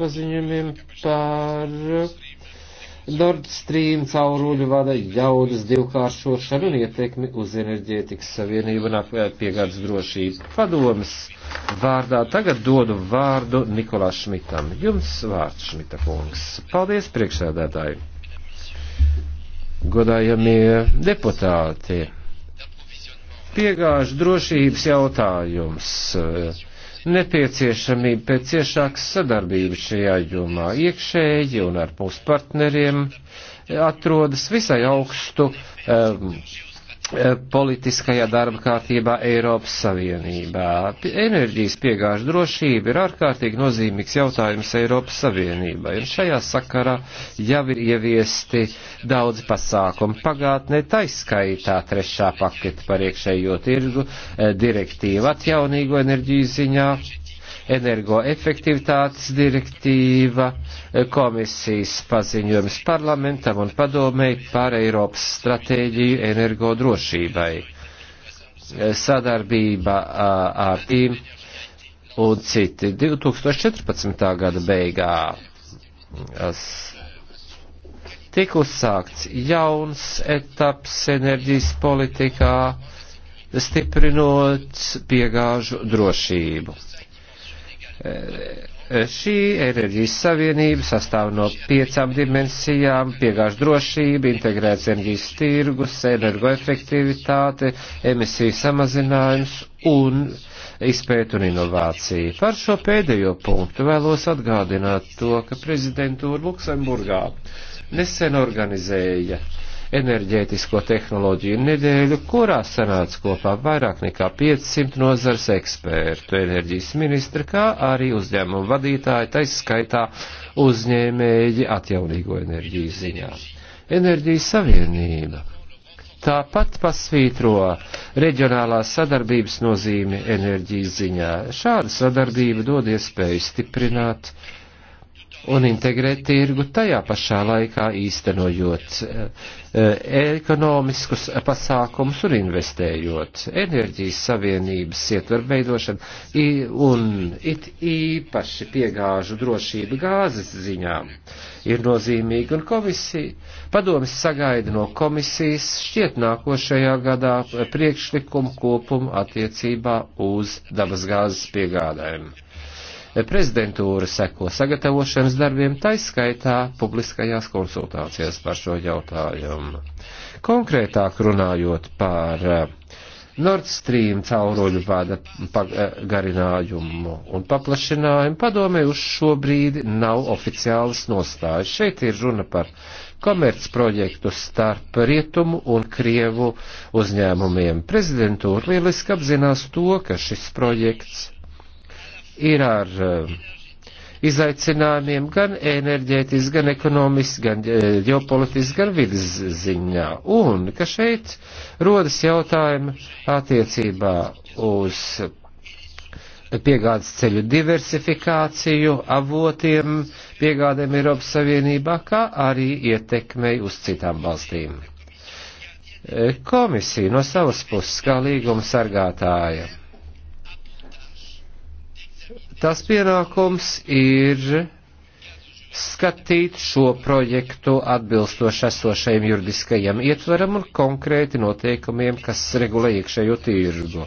paziņojumiem par Nord Stream cauruļu vada jaudas divkāršošanu un ietekmi uz enerģētikas savienību un piegādes drošību. Padomas vārdā tagad dodu vārdu Nikolā Šmitam. Jums vārds, Šmita kungs. Paldies, priekšsēdētāji. Godājamie deputāti. Piegāžu drošības jautājums nepieciešamību pēc ciešākas sadarbības šajā jomā iekšēji un ar puspartneriem atrodas visai augstu um, Eh, politiskajā darba kārtībā Eiropas Savienībā. Enerģijas piegāžu drošība ir ārkārtīgi nozīmīgs jautājums Eiropas Savienībai, un šajā sakarā jau ir ieviesti daudzi pasākumi pagātnē, taiskaitā trešā paketa par iekšējo tirgu, eh, direktīva atjaunīgo enerģiju ziņā, energoefektivitātes direktīva, eh, komisijas paziņojums parlamentam un padomēji par Eiropas stratēģiju energodrošībai, eh, sadarbība ar tīm un citi 2014. gada beigā. Tik uzsākts jauns etaps enerģijas politikā, stiprinot piegāžu drošību. Eh, šī enerģijas savienība sastāv no piecām dimensijām - piegāž drošība, integrēts enerģijas tirgus, energoefektivitāte, emisiju samazinājums un izpēt un inovācija. Par šo pēdējo punktu vēlos atgādināt to, ka prezidentūra Luksemburgā nesen organizēja uh, enerģētisko tehnoloģiju nedēļu, kurā sanāca kopā vairāk nekā 500 nozars ekspertu, enerģijas ministri, kā arī uzņēmumu vadītāji, taiskaitā uzņēmēji atjaunīgo enerģiju ziņā. Enerģijas savienība. Tāpat pasvītro reģionālās sadarbības nozīmi enerģijas ziņā. Šāda sadarbība dod iespēju stiprināt uh, un integrēt tirgu, tajā pašā laikā īstenojot eh, eh, ekonomiskus pasākumus un investējot enerģijas savienības ietver veidošanu un it īpaši piegāžu drošību gāzes ziņām ir nozīmīgi, un komisija, padomis sagaida no komisijas šķiet nākošajā gadā priekšlikumu kopumu attiecībā uz dabasgāzes piegādājumu Prezidentūra seko sagatavošanas darbiem, taiskaitā publiskajās konsultācijās par šo jautājumu. Konkrētāk runājot par eh, Nord Stream cauruļu vada pagarinājumu un paplašinājumu, padomē uz šo brīdi nav oficiālas nostājas. Šeit ir runa par komercprojektu starp rietumu un krievu uzņēmumiem. Prezidentūra lieliski apzinās to, ka šis projekts ir ar eh, izaicinājumiem gan enerģētiski, gan ekonomiski, gan eh, ģeopolitiski, gan vidas ziņā. Un ka šeit rodas jautājumi attiecībā uz piegādes ceļu diversifikāciju, avotiem, piegādēm Eiropas Savienībā, kā arī ietekmei uz citām valstīm. Eh, komisija no savas puses kā līguma sargātāja Tas pienākums ir skatīt šo projektu atbilstoši esošajiem juridiskajiem ietveram un konkrēti noteikumiem, kas regulē iekšējo tirgu.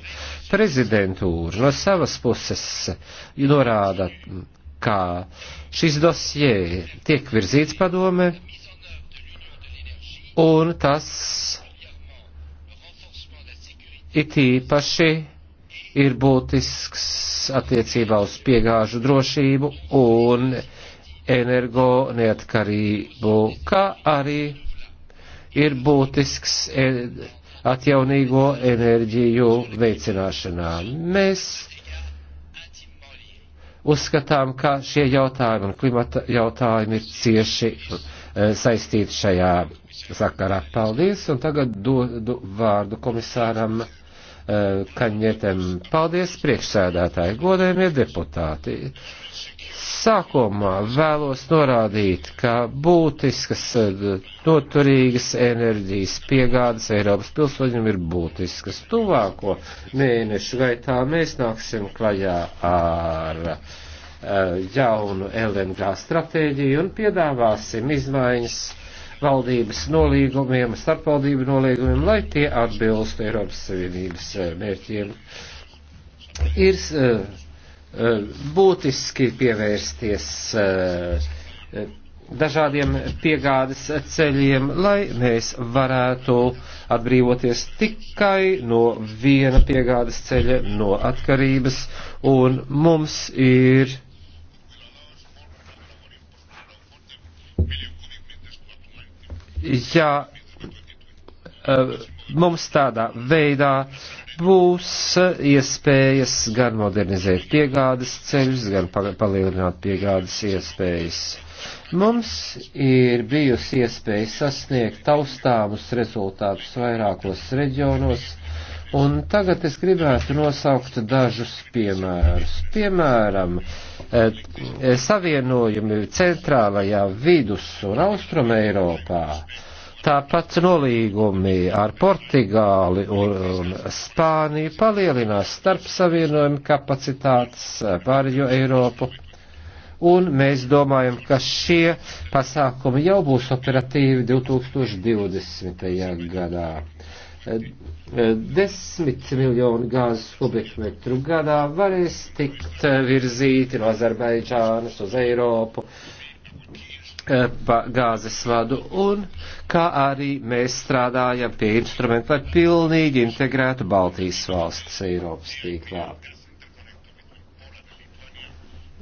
Prezidentūra no savas puses norāda, ka šis dosie tiek virzīts padome un tas it īpaši ir būtisks attiecībā uz piegāžu drošību un energo neatkarību, kā arī ir būtisks e, atjaunīgo enerģiju veicināšanā. Mēs uzskatām, ka šie jautājumi un klimata jautājumi ir cieši e, saistīti šajā sakarā. Paldies, un tagad dodu vārdu komisāram Kaņietem. Paldies, priekšsēdētāji, godējumie deputāti. Sākumā vēlos norādīt, ka būtiskas, noturīgas enerģijas piegādes Eiropas pilsoņiem ir būtiskas. Tuvāko mēnešu gaitā mēs nāksim klajā ar eh, jaunu LNG stratēģiju un piedāvāsim izmaiņas valdības nolīgumiem, starpvaldību nolīgumiem, lai tie atbilstu Eiropas Savienības eh, mērķiem. Ir eh, eh, būtiski pievērsties dažādiem piegādes ceļiem, lai mēs varētu atbrīvoties tikai no viena piegādes ceļa, no atkarības, un mums ir ja eh, mums tādā veidā būs iespējas gan modernizēt piegādes ceļus, gan palielināt piegādes iespējas. Mums ir bijusi iespēja sasniegt taustāmus rezultātus vairākos reģionos Un tagad es gribētu nosaukt dažus piemērus. Piemēram, e, savienojumi centrālajā vidus un austrum Eiropā. Tāpat nolīgumi ar Portugāli un Spāniju palielinās starp savienojumu kapacitātes pārējo Eiropu. Un mēs domājam, ka šie pasākumi jau būs operatīvi 2020. gadā desmit miljoni gāzes kubikmetru gadā varēs tikt eh, virzīti no Azerbaidžānas uz Eiropu eh, pa gāzes vadu un kā arī mēs strādājam pie instrumenta, lai pilnīgi integrētu Baltijas valstis Eiropas tīklā.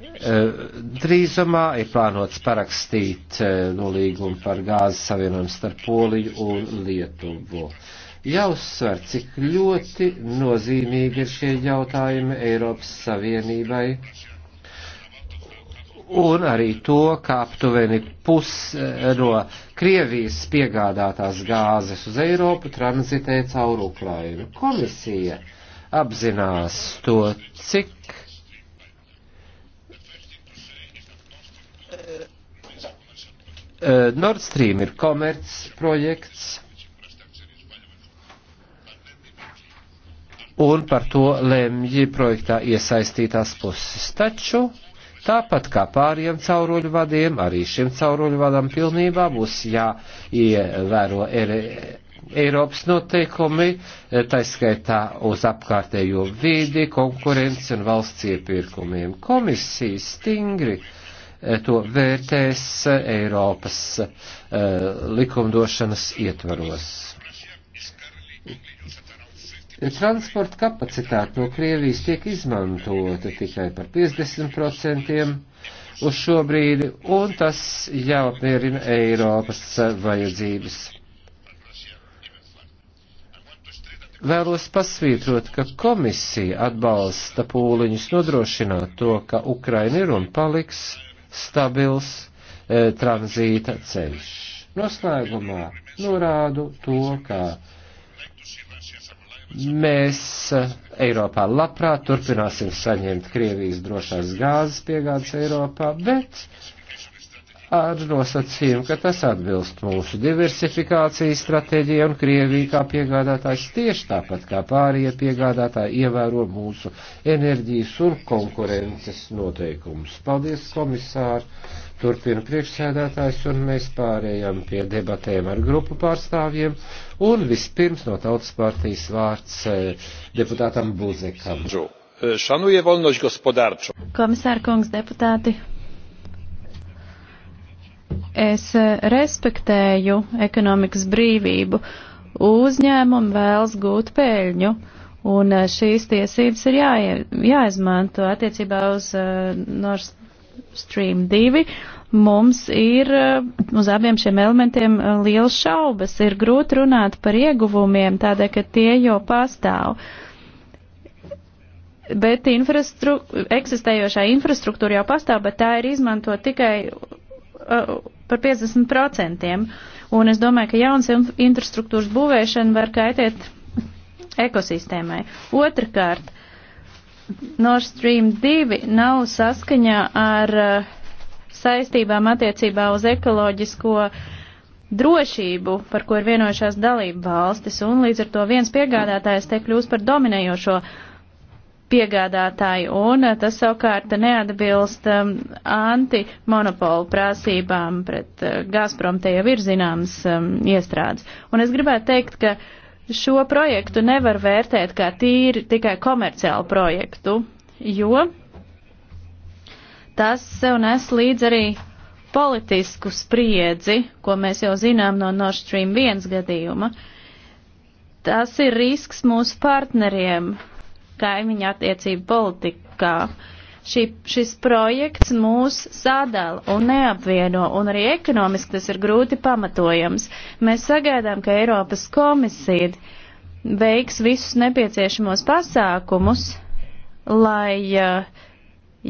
Eh, drīzumā ir plānots parakstīt nolīgumu par gāzes savienojumu starp Poliju un Lietuvu. Uh, jāuzsver, cik ļoti nozīmīgi ir šie jautājumi Eiropas Savienībai un arī to, ka aptuveni pus eh, no Krievijas piegādātās gāzes uz Eiropu tranzitē caur Ukrainu. Komisija apzinās to, cik eh, Nord Stream ir komerc projekts, un par to lemj projektā iesaistītās puses. Taču Tāpat kā pāriem cauruļu vadiem, arī šim cauruļu vadam pilnībā būs jāievēro er, Eiropas noteikumi, taiskaitā uz apkārtējo vidi, konkurenci un valsts iepirkumiem. Komisija stingri eh, to vērtēs Eiropas uh, likumdošanas ietvaros. Transporta kapacitāte no Krievijas tiek izmantota tikai par 50% uz šo brīdi, un tas jau apmierina Eiropas vajadzības. Vēlos pasvītrot, ka komisija atbalsta pūliņus nodrošināt to, ka Ukraina ir un paliks stabils e, tranzīta ceļš. Noslēgumā norādu to, ka Mēs eh, Eiropā labprāt turpināsim saņemt Krievijas drošās gāzes piegādes Eiropā, bet ar nosacījumu, ka tas atbilst mūsu diversifikācijas stratēģijai un Krievija kā piegādātājs tieši tāpat kā pārējie piegādātāji ievēro mūsu enerģijas un konkurences noteikumus. Paldies, komisāri! Turpina priekšsēdētājs un mēs pārējām pie debatēm ar grupu pārstāvjiem un vispirms no tautas partijas vārds eh, deputātam Buzekam. Šanuje eh, volnoš gospodārču. Komisāra kungs deputāti. Es eh, respektēju ekonomikas brīvību uzņēmumi vēlas gūt peļņu. Un šīs tiesības ir jāie, jāizmanto attiecībā uz uh, Nord Stream 2, mums ir eh, uz abiem šiem elementiem eh, liels šaubas. Ir grūti runāt par ieguvumiem, tādēļ, ka tie jau pastāv. Bet infrastru eksistējošā infrastruktūra jau pastāv, bet tā ir izmanto tikai uh, par 50%. Un es domāju, ka jaunas infrastruktūras būvēšana var kaitēt ekosistēmai. Otrakārt, Nord Stream 2 nav saskaņā ar eh, saistībām attiecībā uz ekoloģisko drošību, par ko ir vienojušās dalību valstis, un līdz ar to viens piegādātājs te kļūst par dominējošo piegādātāju, un eh, tas savukārt neatbilst um, antimonopolu prasībām pret uh, Gazprom, te jau ir zināms um, iestrādes. Un es gribētu teikt, ka uh, Šo projektu nevar vērtēt kā tīri tikai komerciālu projektu, jo tas sev nes līdz arī politisku spriedzi, ko mēs jau zinām no Nord Stream 1 gadījuma. Tas ir risks mūsu partneriem kaimiņa attiecību politikā. Uh, šī, šis projekts mūs sadala un neapvieno, un arī ekonomiski tas ir grūti pamatojams. Mēs sagaidām, ka Eiropas komisija veiks visus nepieciešamos pasākumus, lai,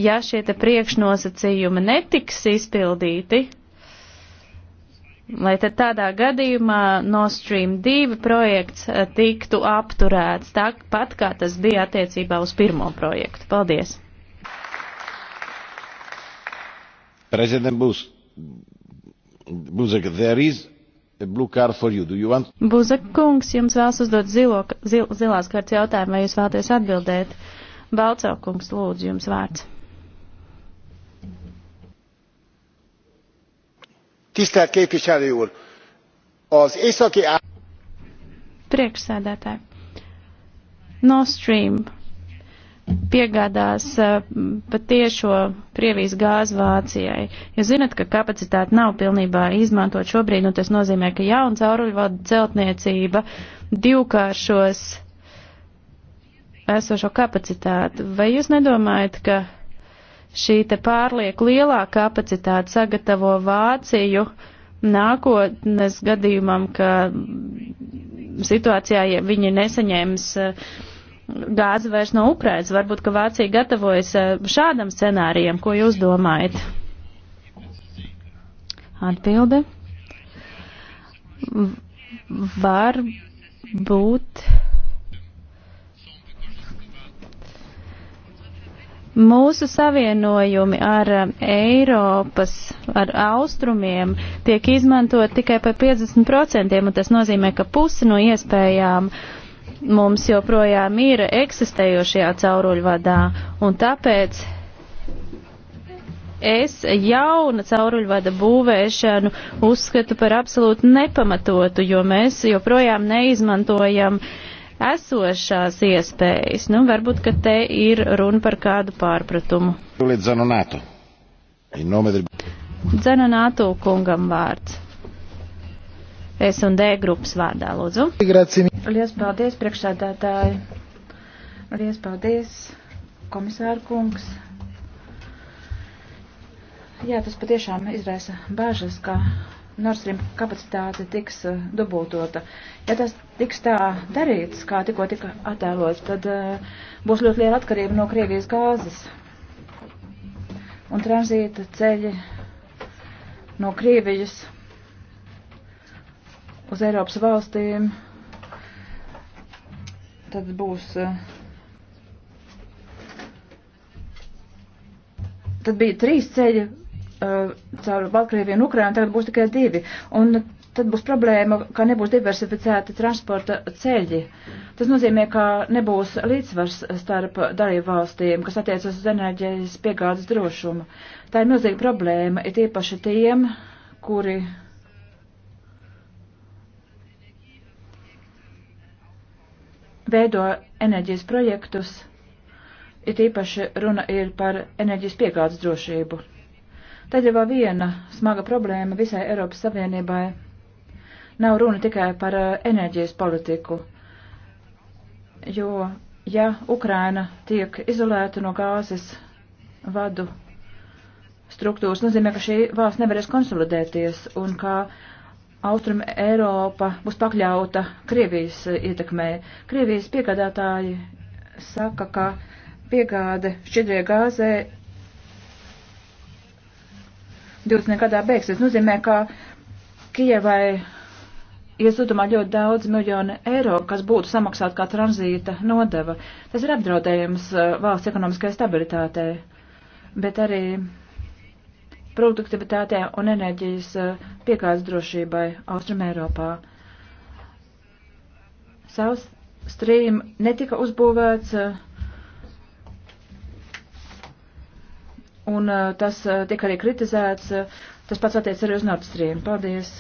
ja šie te priekšnosacījumi netiks izpildīti, lai tad tādā gadījumā Nord Stream 2 projekts eh, tiktu apturēts tāpat, kā tas bija attiecībā uz pirmo projektu. Paldies! President Buz, Buzek, there is a blue card for you. Do you want? Buzek kungs, jums vēlas uzdot zilo, zil, zilās kārtas jautājumu, vai jūs vēlaties atbildēt? Balco kungs, lūdzu, jums vārds. Tisztelt képviselő úr! Az északi Priekšsēdētāji. Nord Stream piegādās eh, patiešo Krievijas gāzi Vācijai. Jūs zinat, ka kapacitāte nav pilnībā izmantot šobrīd, nu tas nozīmē, ka jauna cauruļvada celtniecība divkāršos esošo kapacitāti. Vai jūs nedomājat, ka šī te pārlieku lielā kapacitāte sagatavo Vāciju nākotnes gadījumam, ka situācijā, ja viņi nesaņēmis uh, eh, gāze vairs nav no Ukrainas. Varbūt, ka Vācija gatavojas eh, šādam scenārijam, ko jūs domājat? Atbilde. Var būt. Mūsu savienojumi ar eh, Eiropas, ar austrumiem tiek izmantot tikai par 50%, un tas nozīmē, ka pusi no iespējām uh, mums joprojām ir eksistējošajā cauruļvadā, un tāpēc es jauna cauruļvada būvēšanu uzskatu par absolūti nepamatotu, jo mēs joprojām neizmantojam esošās iespējas. Nu, varbūt, ka te ir runa par kādu pārpratumu. Dzanonātu kungam vārds. S un D grupas vārdā, lūdzu. Lies paldies, priekšsēdētāji. Lies paldies, komisāra kungs. Jā, tas patiešām izraisa bāžas, ka Nord Stream kapacitāte tiks eh, dubultota. Ja tas tiks tā darīts, kā tikko tika attēlots, tad uh, būs ļoti liela atkarība no Krievijas gāzes. Un tranzīta ceļi no Krievijas uz Eiropas valstīm. Tad būs. Eh, tad bija trīs ceļi uh, caur Baltkrieviju un Ukrainu, tagad būs tikai divi. Un tad būs problēma, ka nebūs diversificēti transporta ceļi. Tas nozīmē, ka nebūs līdzsvars starp dalību valstīm, kas attiecas uz enerģijas piegādes drošumu. Tā ir milzīga problēma, ir tīpaši tiem, kuri veido enerģijas projektus, ir īpaši runa ir par enerģijas piegādes drošību. Tad jau viena smaga problēma visai Eiropas Savienībai nav runa tikai par eh, enerģijas politiku, jo, ja Ukraina tiek izolēta no gāzes vadu struktūras, nozīmē, ka šī valsts nevarēs konsolidēties un ka uh, Austrum Eiropa būs pakļauta Krievijas eh, ietekmē. Krievijas piegādātāji saka, ka piegāde šķidrie gāzē 20. gadā beigsies. Nozīmē, ka Kievai iesūtumā ļoti daudz miljonu eiro, kas būtu samaksāta kā tranzīta nodeva. Tas ir apdraudējums eh, valsts ekonomiskajai stabilitātei, bet arī produktivitātē un enerģijas eh, piekādas drošībai Austrum Eiropā. South Stream netika uzbūvēts eh, un eh, tas tika arī kritizēts. Tas pats attiec arī uz Nord Stream. Paldies.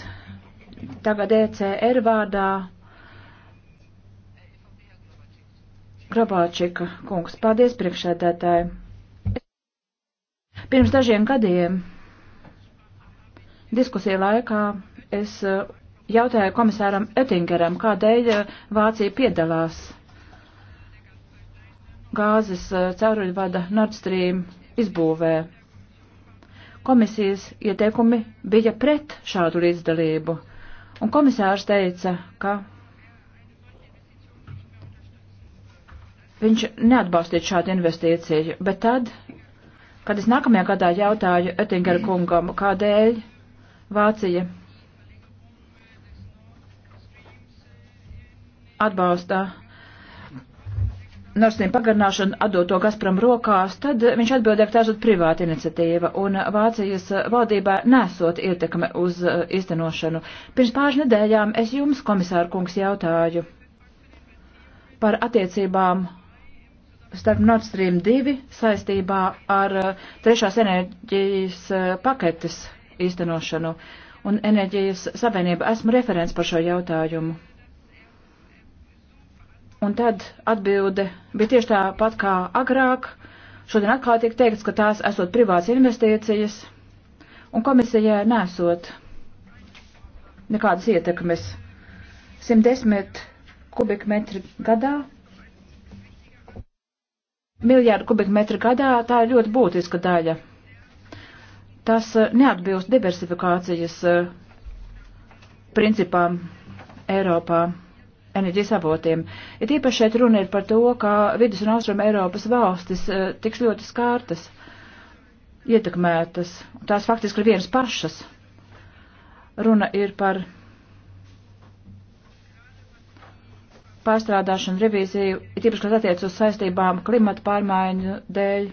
Tagad ECR vārdā Grabāčika kungs. Paldies priekšsēdētāji. Pirms dažiem gadiem Diskusija laikā es eh, jautāju komisāram Ettingeram, kādēļ eh, Vācija piedalās gāzes eh, cauruļvada Nord Stream izbūvē. Komisijas ieteikumi bija pret šādu līdzdalību, un komisārs teica, ka viņš neatbalstīja šādu investīciju, bet tad, kad es nākamajā gadā jautāju Ettingera kungam, kādēļ Vācija atbalsta Norsim pagarināšanu atdot to Gazprom rokās, tad viņš atbildēja, ka tā ir privāta iniciatīva un Vācijas valdībā nesot ietekme uz iztenošanu. Uh, Pirms pāris nedēļām es jums, komisāra kungs, jautāju par attiecībām starp Nord Stream 2 saistībā ar uh, trešās enerģijas uh, paketes īstenošanu un enerģijas savienību. Esmu referents par šo jautājumu. Un tad atbilde bija tieši tāpat kā agrāk. Šodien atkal tiek teikts, ka tās esot privāts investīcijas, un komisijai nesot nekādas ietekmes. 110 kubikmetri gadā miljārdu kubikmetru gadā, tā ir ļoti būtiska daļa tas eh, neatbilst diversifikācijas eh, principām Eiropā enerģijas avotiem. Ir īpaši šeit runa ir par to, ka vidus un austrum Eiropas valstis eh, tiks ļoti skārtas, ietekmētas. Tās faktiski ir vienas pašas. Runa ir par pārstrādāšanu, revīziju, ir īpaši, kas attiec uz saistībām klimata pārmaiņu dēļ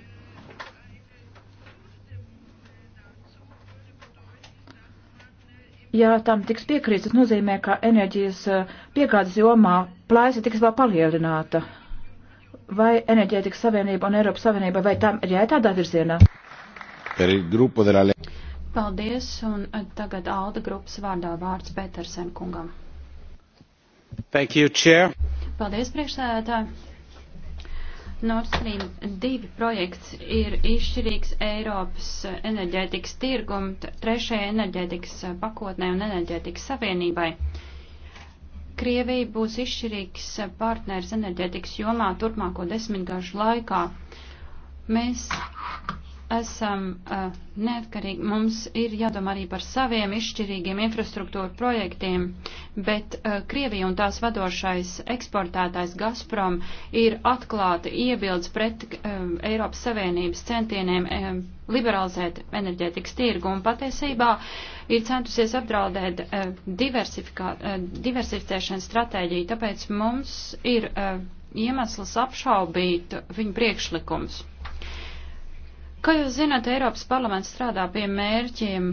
Ja tam tiks piekrīts, tas nozīmē, ka enerģijas eh, piegādes jomā plājas tiks vēl palielināta. Vai enerģētikas savienība un Eiropas savienība, vai tam ir jāiet tādā virzienā? Paldies, un eh, tagad Alda grupas vārdā vārds Petersen kungam. Thank you, Chair. Paldies, priekšsēdētāji. Nord Stream 2 projekts ir izšķirīgs Eiropas enerģētikas tirgum, trešajai enerģētikas pakotnē un enerģētikas savienībai. Krievija būs izšķirīgs partners enerģētikas jomā turpmāko desmitgažu laikā. Mēs esam uh, neatkarīgi. Mums ir jādomā arī par saviem izšķirīgiem infrastruktūra projektiem, bet uh, Krievija un tās vadošais eksportētājs Gazprom ir atklāti iebilds pret uh, Eiropas Savienības centieniem uh, liberalizēt enerģētikas tirgu un patiesībā ir centusies apdraudēt uh, uh, diversificēšanas stratēģiju, tāpēc mums ir uh, iemesls apšaubīt viņu priekšlikums. Kā jūs zināt, Eiropas parlaments strādā pie mērķiem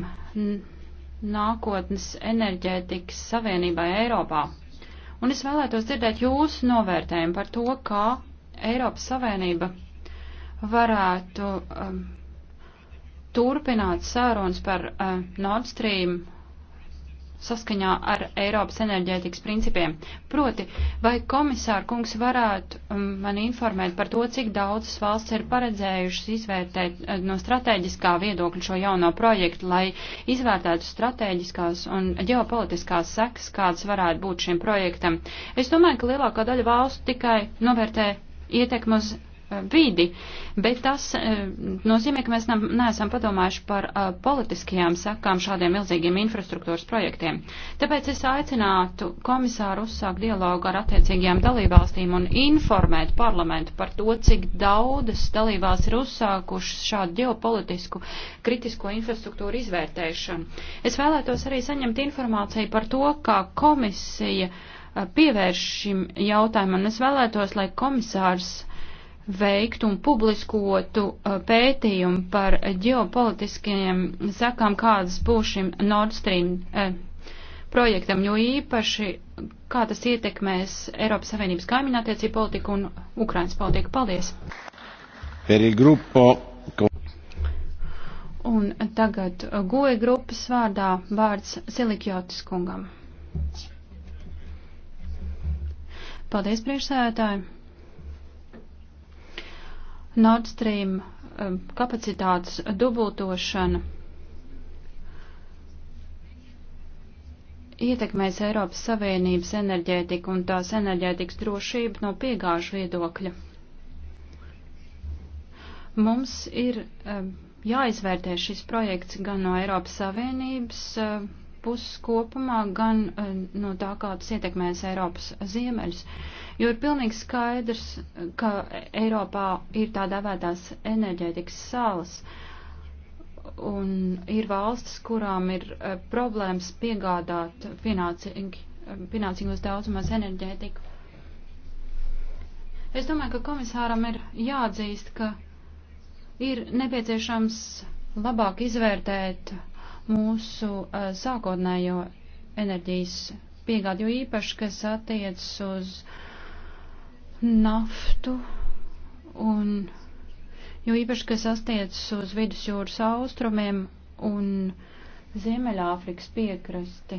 nākotnes enerģētikas savienībai Eiropā. Un es vēlētos dzirdēt jūsu novērtējumu par to, kā Eiropas Savienība varētu um, turpināt sarunas par uh, Nord Stream saskaņā ar Eiropas enerģētikas principiem. Proti, vai komisāra kungs varētu um, man informēt par to, cik daudzas valsts ir paredzējušas izvērtēt eh, no strateģiskā viedokļa šo jauno projektu, lai izvērtētu strateģiskās un ģeopolitiskās sekas, kādas varētu būt šim projektam. Es domāju, ka lielākā daļa valstu tikai novērtē ietekmu uz Eh, vidi, bet tas eh, nozīmē, ka mēs neesam padomājuši par eh, politiskajām sakām šādiem milzīgiem infrastruktūras projektiem. Tāpēc es aicinātu komisāru uzsākt dialogu ar attiecīgajām dalībvalstīm un informēt parlamentu par to, cik daudzas dalībās ir uzsākušas šādu ģeopolitisku kritisko infrastruktūru izvērtēšanu. Es vēlētos arī saņemt informāciju par to, kā komisija pievērš šim jautājumam. Es vēlētos, lai komisārs veiktu un publiskotu uh, pētījumu par ģeopolitiskajiem sakām, kādas būs šim Nord Stream eh, projektam, jo īpaši kā tas ietekmēs Eiropas Savienības kaimiņattiecību politiku un Ukrainas politiku. Paldies! Un tagad goja grupas vārdā vārds Silikjotis kungam. Paldies, priekšsēdētāji! Nord Stream um, kapacitātes dubultošana ietekmēs Eiropas Savienības enerģētiku un tās enerģētikas drošību no piegāžu viedokļa. Mums ir um, jāizvērtē šis projekts gan no Eiropas Savienības um, puses kopumā, gan eh, no tā, kā tas ietekmēs Eiropas ziemeļus. Jo ir pilnīgi skaidrs, ka Eiropā ir tā dēvētās enerģētikas salas. Un ir valstis, kurām ir eh, problēmas piegādāt pienācīgi, pienācīgos daudzumos enerģētiku. Es domāju, ka komisāram ir jāatzīst, ka ir nepieciešams labāk izvērtēt mūsu uh, sākotnējo enerģijas piegādi, jo īpaši, kas attiec uz naftu un jo īpaši, kas attiec uz vidusjūras austrumiem un Ziemeļāfrikas piekrasti.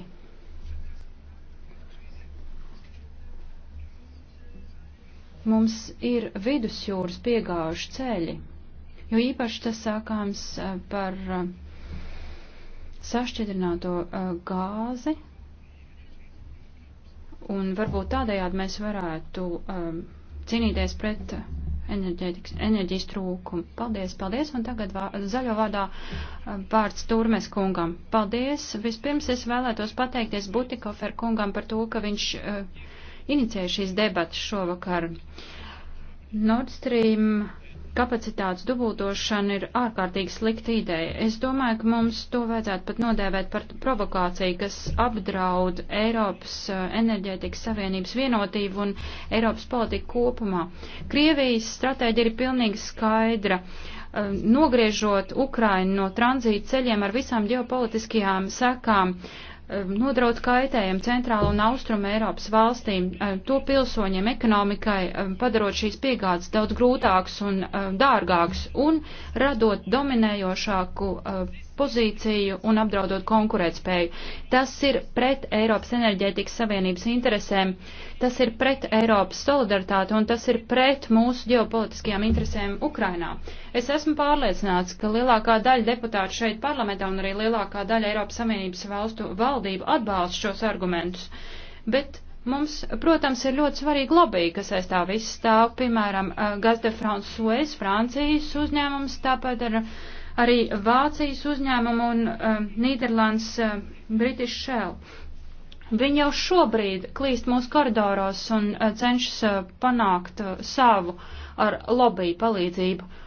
Mums ir vidusjūras piegājuši ceļi, jo īpaši tas sākāms par uh, sašķidrināto uh, gāzi, un varbūt tādējādi mēs varētu um, cīnīties pret enerģijas trūkumu. Paldies, paldies, un tagad vā, zaļo vārdā vārds Turmes kungam. Paldies, vispirms es vēlētos pateikties Butikofer kungam par to, ka viņš uh, inicēja šīs debatas šovakar. Nord Stream kapacitātes dubultošana ir ārkārtīgi slikta ideja. Es domāju, ka mums to vajadzētu pat nodēvēt par provokāciju, kas apdraud Eiropas uh, enerģētikas savienības vienotību un Eiropas politiku kopumā. Krievijas stratēģija ir pilnīgi skaidra. Um, nogriežot Ukrainu no tranzīta ceļiem ar visām ģeopolitiskajām sekām, uh, Um, nodraud kaitējumu centrālu un austrumu Eiropas valstīm, um, to pilsoņiem, ekonomikai, um, padarot šīs piegādes daudz grūtākas un dārgākas un radot dominējošāku pozīciju un apdraudot konkurētspēju. Tas ir pret Eiropas enerģētikas savienības interesēm, tas ir pret Eiropas solidaritāti un tas ir pret mūsu ģeopolitiskajām interesēm Ukrainā. Es esmu pārliecināts, ka lielākā daļa deputātu šeit parlamentā un arī lielākā daļa Eiropas Savienības valstu valdību atbalsta šos argumentus. Bet Mums, protams, ir ļoti svarīgi lobby, kas aiz tā viss stāv, piemēram, eh, Gaz de France Suez, Francijas uzņēmums, tāpat ar uh, arī Vācijas uzņēmumu un um, Nīderlands um, British Shell. Viņi jau šobrīd klīst mūsu koridoros un uh, cenšas uh, panākt uh, savu ar lobby palīdzību. Uh,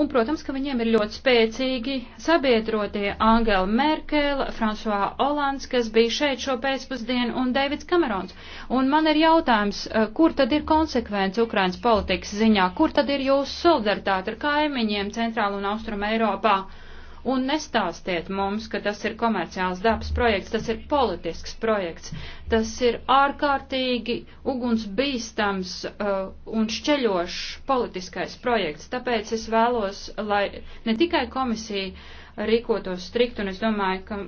Un, protams, ka viņiem ir ļoti spēcīgi sabiedrotie Angela Merkele, François Olands, kas bija šeit šo pēcpusdienu, un Deivids Kamerons. Un man ir jautājums, eh, kur tad ir konsekvence Ukrainas politikas ziņā, kur tad ir jūsu solidaritāte ar kaimiņiem Centrālu un Austrumu Eiropā? Uh, Un nestāstiet mums, ka tas ir komerciāls dabas projekts, tas ir politisks projekts, tas ir ārkārtīgi ugunsbīstams uh, un šķeļošs politiskais projekts. Tāpēc es vēlos, lai ne tikai komisija rīkotos strikt, un es domāju, ka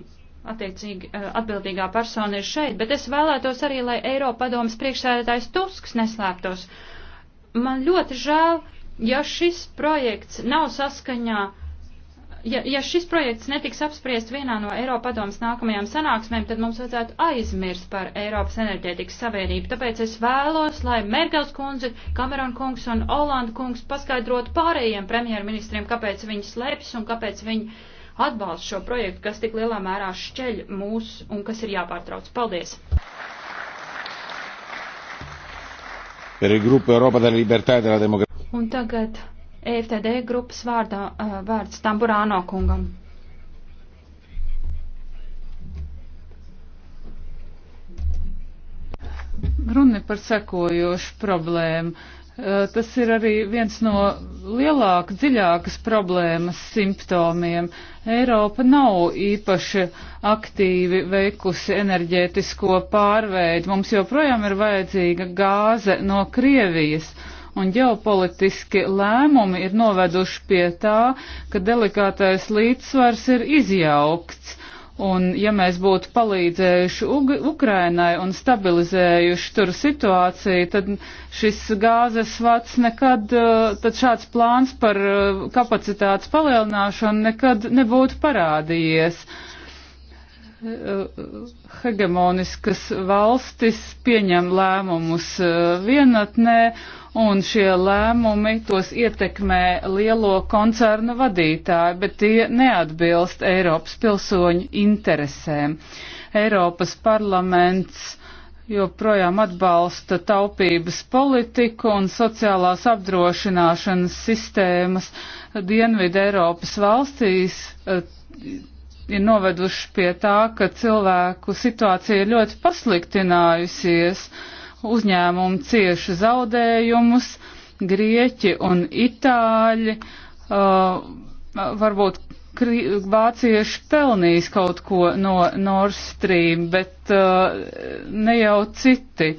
attiecīgi uh, atbildīgā persona ir šeit, bet es vēlētos arī, lai Eiropa padomas priekšsēdētājs Tusks neslēptos. Man ļoti žēl, ja šis projekts nav saskaņā ja, ja šis projekts netiks apspriest vienā no Eiropadomas nākamajām sanāksmēm, tad mums vajadzētu aizmirst par Eiropas enerģētikas savienību. Tāpēc es vēlos, lai Mergels kundze, Kameron kungs un Olanda kungs paskaidrotu pārējiem premjerministriem, kāpēc viņi slēpjas un kāpēc viņi atbalsta šo projektu, kas tik lielā mērā šķeļ mūs un kas ir jāpārtrauc. Paldies! E un tagad EFTD grupas vārdā uh, vārds Tamburāno kungam. Runa par sekojošu problēmu. Tas ir arī viens no lielāk, dziļākas problēmas simptomiem. Eiropa nav īpaši aktīvi veikusi enerģētisko pārveidu. Mums joprojām ir vajadzīga gāze no Krievijas. Uh, un ģeopolitiski lēmumi ir noveduši pie tā, ka delikātais līdzsvars ir izjaukts. Un ja mēs būtu palīdzējuši Ug Ukrainai un stabilizējuši tur situāciju, tad šis gāzes vats nekad, eh, tad šāds plāns par eh, kapacitātes palielināšanu nekad nebūtu parādījies eh, hegemoniskas valstis pieņem lēmumus vienatnē un šie lēmumi tos ietekmē lielo koncernu vadītāji, bet tie neatbilst Eiropas pilsoņu interesēm. Eiropas parlaments joprojām atbalsta taupības politiku un sociālās apdrošināšanas sistēmas Dienvidu Eiropas valstīs eh, ir noveduši pie tā, ka cilvēku situācija ir ļoti pasliktinājusies. Uh, uzņēmumi cieši zaudējumus, grieķi un itāļi, uh, varbūt vācieši pelnīs kaut ko no Nord Stream, bet uh, ne jau citi.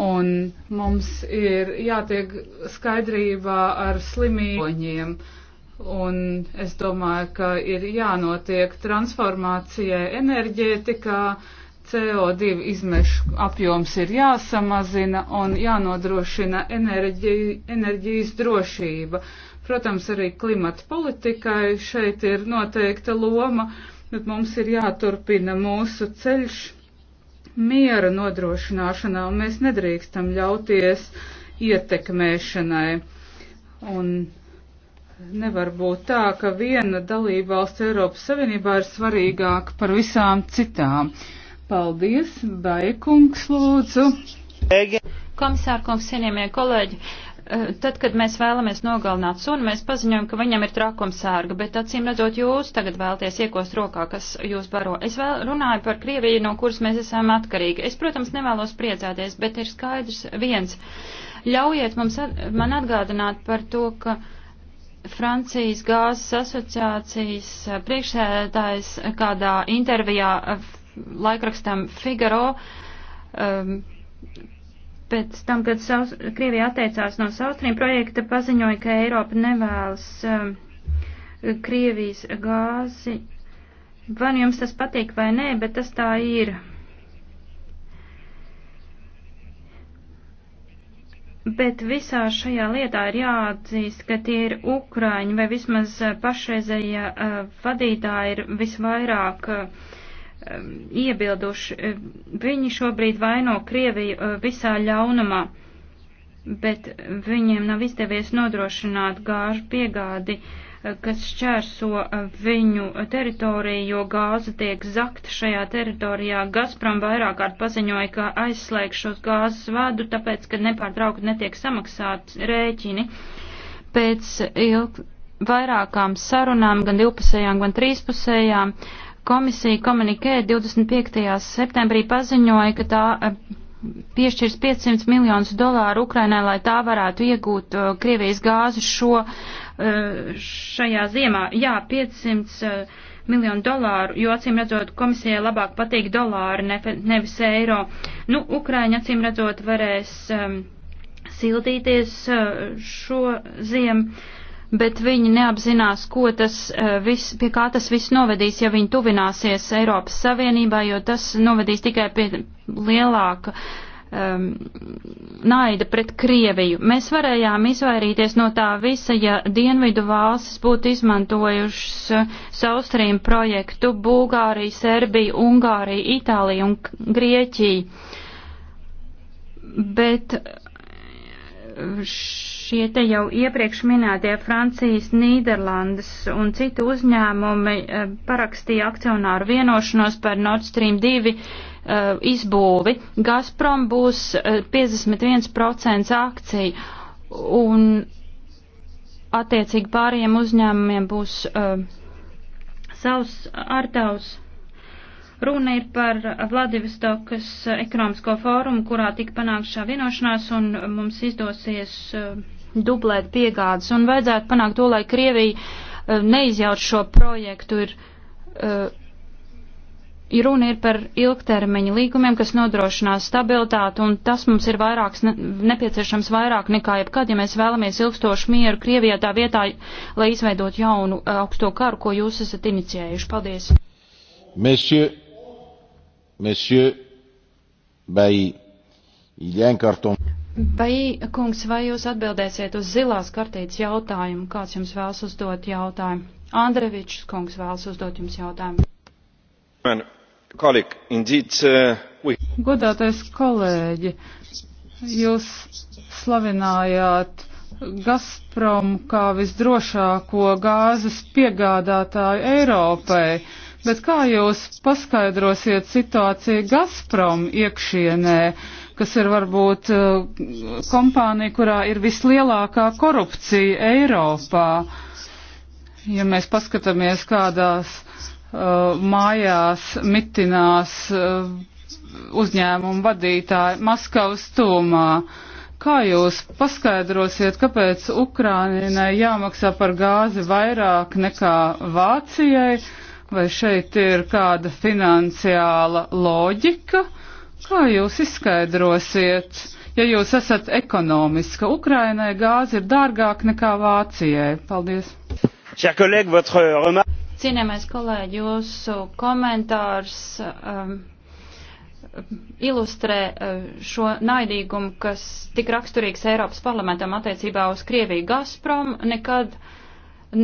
Un mums ir jātiek skaidrībā ar slimīgoņiem. Un es domāju, ka ir jānotiek transformācijai enerģētikā. Uh, CO2 izmešu apjoms ir jāsamazina un jānodrošina enerģija, enerģijas drošība. Protams, arī klimata politikai šeit ir noteikta loma, bet mums ir jāturpina mūsu ceļš miera nodrošināšanā, un mēs nedrīkstam ļauties ietekmēšanai. Un nevar būt tā, ka viena dalībvalsts Eiropas Savienībā ir svarīgāka par visām citām. Uh, Paldies, Baikungs, lūdzu. Komisārkungs, cienījamie kolēģi, eh, tad, kad mēs vēlamies nogalināt suni, mēs paziņojam, ka viņam ir trakumsērga, bet acīm redzot jūs tagad vēlties iekost rokā, kas jūs baro. Es vēl runāju par Krieviju, no kuras mēs esam atkarīgi. Es, protams, nevēlos priecāties, bet ir skaidrs viens. Ļaujiet mums, at, man atgādināt par to, ka. Francijas gāzes asociācijas priekšsēdētājs kādā intervijā eh, laikrakstam Figaro. Um, pēc tam, kad Saus Krievija atteicās no Saustrīm projekta, paziņoja, ka Eiropa nevēlas um, Krievijas gāzi. Vai nu jums tas patīk vai nē, bet tas tā ir. Bet visā šajā lietā ir jāatzīst, ka tie ir Ukraiņi vai vismaz pašreizējie uh, vadītāji ir visvairāk uh, Um, iebilduši. Um, viņi šobrīd vaino Krieviju uh, visā ļaunumā, bet viņiem nav izdevies nodrošināt gāžu piegādi, uh, kas šķērso uh, viņu teritoriju, jo gāze tiek zakta šajā teritorijā. Gazprom vairāk kārt paziņoja, ka aizslēgšos gāzes vadu, tāpēc, ka nepārtraukti netiek samaksāts rēķini. Pēc ilg, vairākām sarunām, gan divpusējām, gan trīspusējām, uh, Komisija komunikē 25. septembrī paziņoja, ka tā eh, piešķirs 500 miljonus dolāru Ukrainai, lai tā varētu iegūt uh, Krievijas gāzi šo, uh, šajā ziemā. Jā, 500 uh, miljonu dolāru, jo acīm redzot komisijai labāk patīk dolāri, ne, nevis eiro. Nu, Ukraiņa acīm redzot varēs um, sildīties uh, šo ziemu bet viņi neapzinās, ko tas eh, viss, pie kā tas viss novedīs, ja viņi tuvināsies Eiropas Savienībā, jo tas novedīs tikai pie lielāka um, naida pret Krieviju. Mēs varējām izvairīties no tā visa, ja Dienvidu valstis būtu izmantojušas uh, eh, saustrīm projektu Bulgārija, Serbija, Ungārija, Itālija un Grieķija. Bet eh, š šie te jau iepriekš minētie Francijas, Nīderlandes un citu uzņēmumi eh, parakstīja akcionāru vienošanos par Nord Stream 2 eh, izbūvi. Gazprom būs 51% eh, akcija un attiecīgi pārējiem uzņēmumiem būs savs ārtavs. Runa ir par Vladivostokas ekonomisko fórumu, kurā tika panākt šā vienošanās, un mums izdosies uh, dublēt piegādes un vajadzētu panākt to, lai Krievija uh, eh, neizjauc šo projektu. Ir, uh, Runa ir par ilgtermiņa līgumiem, kas nodrošinās stabilitāti, un tas mums ir vairāks, ne, nepieciešams vairāk nekā jebkad, ja mēs vēlamies ilgstošu mieru Krievijā tā vietā, lai izveidot jaunu eh, augsto karu, ko jūs esat inicijējuši. Paldies! Monsieur, monsieur, Bailly, il y a un carton. Vai, kungs, vai jūs atbildēsiet uz zilās kartītes jautājumu? Kāds jums vēlas uzdot jautājumu? Andrevičs kungs vēlas uzdot jums jautājumu. Man, kolik, indeed, uh, we... Godātais kolēģi, jūs slavinājāt Gazprom kā visdrošāko gāzes piegādātāju Eiropai, bet kā jūs paskaidrosiet situāciju Gazprom iekšienē? kas ir varbūt uh, kompānija, kurā ir vislielākā korupcija Eiropā. Ja mēs paskatāmies, kādās uh, mājās mitinās uh, uzņēmumu vadītāji Maskavas tūmā, kā jūs paskaidrosiet, kāpēc Ukrainai jāmaksā par gāzi vairāk nekā Vācijai, vai šeit ir kāda finansiāla loģika? Uh, Kā jūs izskaidrosiet, ja jūs esat ekonomiska? Ukrainai gāze ir dārgāk nekā Vācijai. Paldies. Cienījamais kolēģi, jūsu komentārs um, ilustrē uh, šo naidīgumu, kas tik raksturīgs Eiropas parlamentam attiecībā uz Krieviju. Gazprom nekad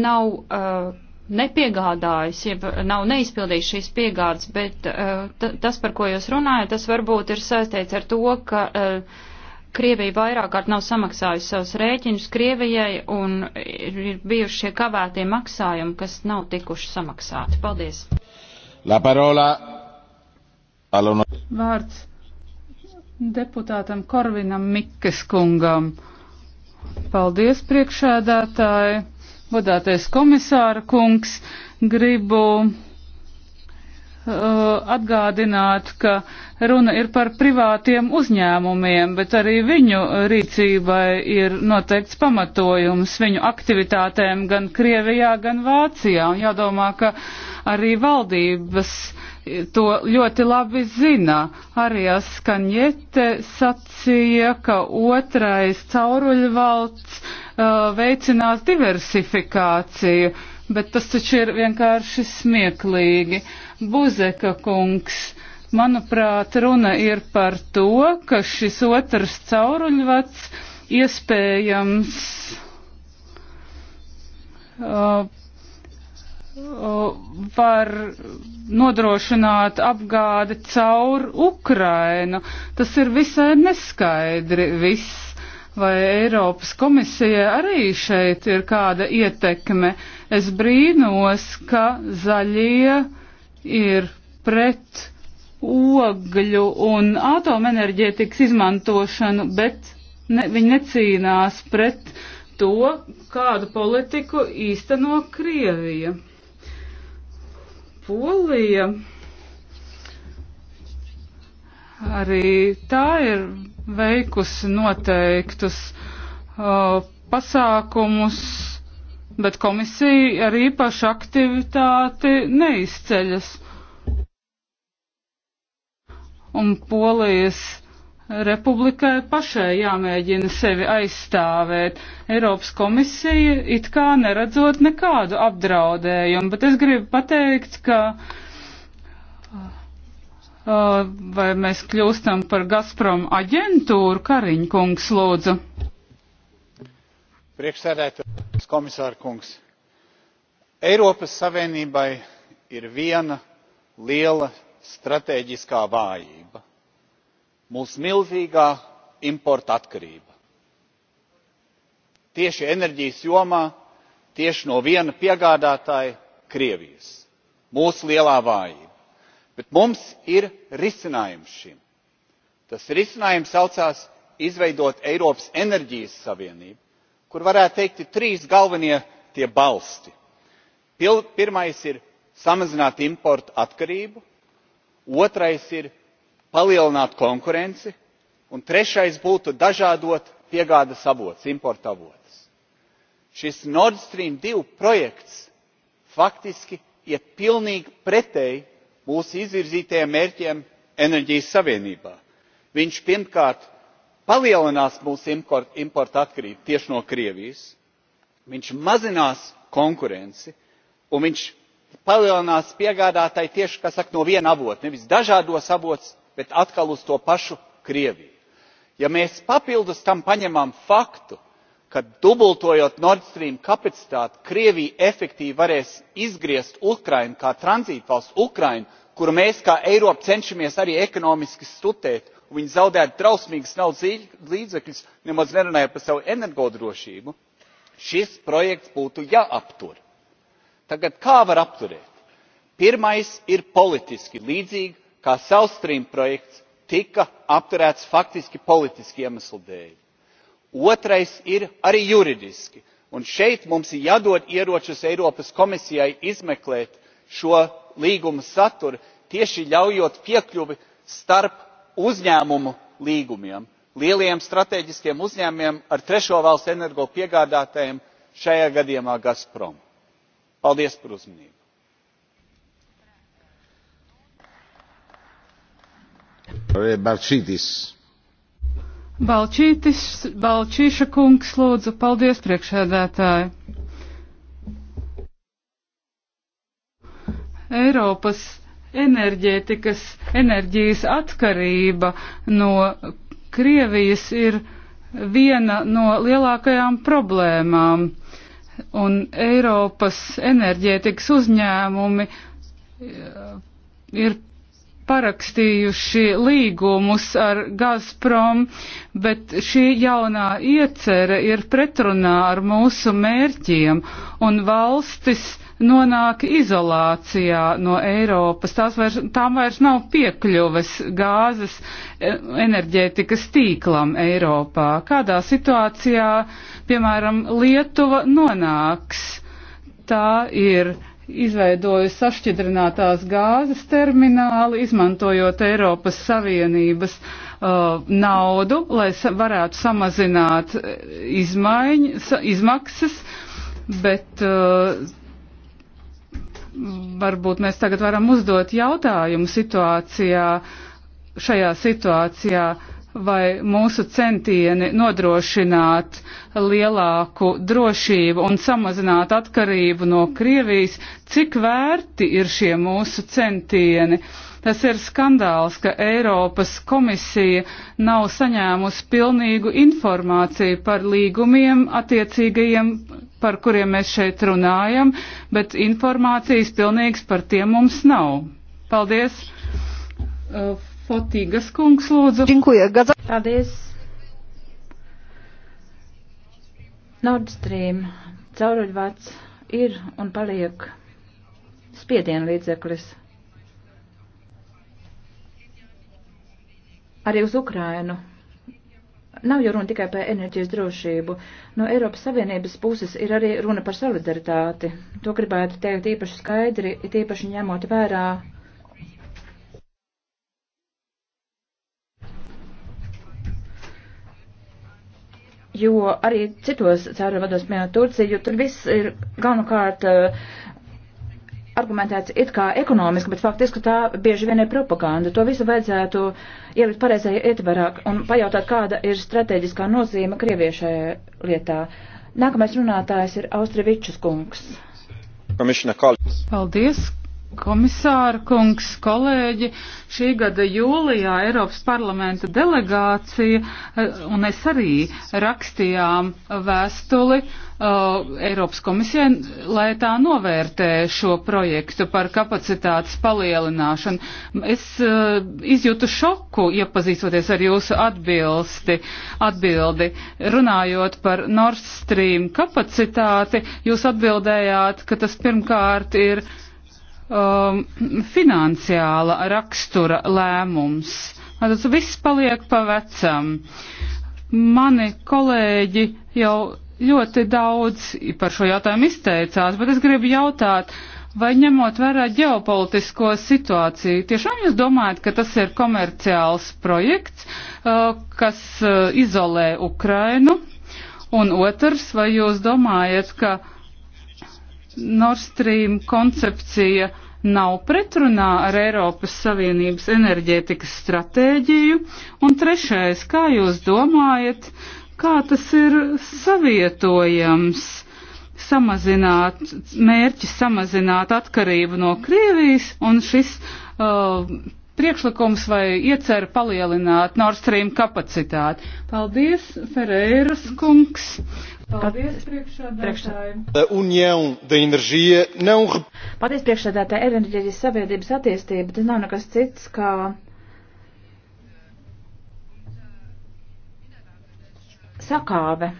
nav. Uh, nepiegādājis, jeb nav neizpildījis šīs piegādes, bet uh, tas, par ko jūs runājat, tas varbūt ir saistīts ar to, ka uh, Krievija vairāk kārt nav samaksājusi savus rēķinus Krievijai un ir bijuši šie kavētie maksājumi, kas nav tikuši samaksāti. Paldies. La parola. Alona. Vārds deputātam Korvinam Mikkes kungam. Paldies, priekšēdētāji godātais komisāra kungs, gribu uh, atgādināt, ka runa ir par privātiem uzņēmumiem, bet arī viņu rīcībai ir noteikts pamatojums viņu aktivitātēm gan Krievijā, gan Vācijā. Un jādomā, ka arī valdības to ļoti labi zina. Arī Askaņete sacīja, ka otrais cauruļvalsts veicinās diversifikāciju, bet tas taču ir vienkārši smieklīgi. Buzeka kungs, manuprāt, runa ir par to, ka šis otrs cauruļvats iespējams uh, var nodrošināt apgādi caur Ukrainu. Tas ir visai neskaidri viss vai Eiropas komisija arī šeit ir kāda ietekme. Es brīnos, ka zaļie ir pret ogļu un atomenerģētikas izmantošanu, bet ne, viņi necīnās pret to, kādu politiku īsteno Krievija. Polija arī tā ir veikusi noteiktus uh, pasākumus, bet komisija ar īpašu aktivitāti neizceļas. Un Polijas republikai pašai jāmēģina sevi aizstāvēt. Eiropas komisija it kā neredzot nekādu apdraudējumu, bet es gribu pateikt, ka uh, vai mēs kļūstam par Gazprom aģentūru, Kariņkungs lūdzu. Priekšsēdētājs komisārkungs, Eiropas Savienībai ir viena liela stratēģiskā vājība - mūsu milzīgā importa atkarība. Tieši enerģijas jomā, tieši no viena piegādātāja - Krievijas. Mūsu lielā vājība bet mums ir risinājums šim. tas risinājums saucās izveidot eiropas enerģijas savienību kur varētu teikt ir trīs galvenie tie balsti. pirmais ir samazināt importu atkarību otrais ir palielināt konkurenci un trešais būtu dažādot piegādes avotus importa avotus. šis nord stream divi projekts faktiski iet pilnīgi pretēji mūsu izvirzītajiem mērķiem enerģijas savienībā. viņš pirmkārt palielinās mūsu importa atkarību tieši no krievijas viņš mazinās konkurenci un viņš palielinās piegādātāju tieši kā saka no viena avota nevis dažādos avotos bet atkal uz to pašu krieviju. ja mēs papildus tam paņemam faktu ka dubultojot nord stream kapacitāti krievija efektīvi varēs izgriezt ukrainu kā tranzītvalsti ukrainu kuru mēs kā eiropa cenšamies arī ekonomiski studēt un viņi zaudētu drausmīgus naudas līdzekļus nemaz nerunājot par savu energodrošību šis projekts būtu jāaptur. tagad kā var apturēt? pirmais ir politiski līdzīgi kā south stream projekts tika apturēts faktiski politisku iemeslu dēļ otrais ir arī juridiski un šeit mums ir jādod ieročus eiropas komisijai izmeklēt šo līgumu saturu tieši ļaujot piekļuvi starp uzņēmumu līgumiem lieliem stratēģiskiem uzņēmumiem ar trešo valstu energopiegādātājiem šajā gadījumā gazprom. paldies par uzmanību. Balčītis. Balčītis, Balčīša kungs, lūdzu, paldies priekšēdētāji. Eiropas enerģētikas, enerģijas atkarība no Krievijas ir viena no lielākajām problēmām, un Eiropas enerģētikas uzņēmumi eh, ir parakstījuši līgumus ar Gazprom, bet šī jaunā iecere ir pretrunā ar mūsu mērķiem un valstis nonāk izolācijā no Eiropas. Tās vairs, tām vairs nav piekļuves gāzes enerģētikas tīklam Eiropā. Kādā situācijā, piemēram, Lietuva nonāks? Tā ir izveidoja sašķidrinātās gāzes termināli, izmantojot Eiropas Savienības uh, naudu, lai sa varētu samazināt uh, izmaiņ, sa izmaksas, bet uh, varbūt mēs tagad varam uzdot jautājumu situācijā, šajā situācijā, uh, vai mūsu centieni nodrošināt lielāku drošību un samazināt atkarību no Krievijas, cik vērti ir šie mūsu centieni. Tas ir skandāls, ka Eiropas komisija nav saņēmusi pilnīgu informāciju par līgumiem attiecīgajiem, par kuriem mēs šeit runājam, bet informācijas pilnīgs par tiem mums nav. Paldies! Uh, Fotīgas kungs, lūdzu. Paldies. Nord Stream cauruļvats ir un paliek spiedienu līdzeklis. Arī uz Ukrainu. Nav jau runa tikai par enerģijas drošību. No Eiropas Savienības puses ir arī runa par solidaritāti. To gribētu teikt īpaši skaidri, it īpaši ņemot vērā jo arī citos cēru vados, piemēram, Turcija, jo tur viss ir galvenokārt uh, argumentēts it kā ekonomiski, bet faktiski tā bieži vien ir propaganda. To visu vajadzētu ielikt pareizajā ietvarā un pajautāt, kāda ir strateģiskā nozīme Krieviešajā lietā. Nākamais runātājs ir Austrivičus kungs. Paldies, Komisāra kungs, kolēģi, šī gada jūlijā Eiropas parlamenta delegācija eh, un es arī rakstījām vēstuli uh, Eiropas komisijai, lai tā novērtē šo projektu par kapacitātes palielināšanu. Es uh, izjūtu šoku, iepazīstoties ar jūsu atbilsti, atbildi. Runājot par Nord Stream kapacitāti, jūs atbildējāt, ka tas pirmkārt ir um, finansiāla rakstura lēmums. Tas viss paliek pa vecam. Mani kolēģi jau ļoti daudz par šo jautājumu izteicās, bet es gribu jautāt, vai ņemot vērā ģeopolitisko situāciju, tiešām jūs domājat, ka tas ir komerciāls projekts, uh, kas uh, izolē Ukrainu? Un otrs, vai jūs domājat, ka Nord Stream koncepcija nav pretrunā ar Eiropas Savienības enerģētikas stratēģiju? Un trešais, kā jūs domājat, kā tas ir savietojams samazināt, mērķi samazināt atkarību no Krievijas un šis uh, priekšlikums vai iecer palielināt Nord Stream kapacitāti. Paldies, Ferreiras kungs. Paldies, priekšsēdētāji. Paldies, priekšsēdētāji. Enerģijas sabiedrības attīstība tas nav nekas cits, kā sakāve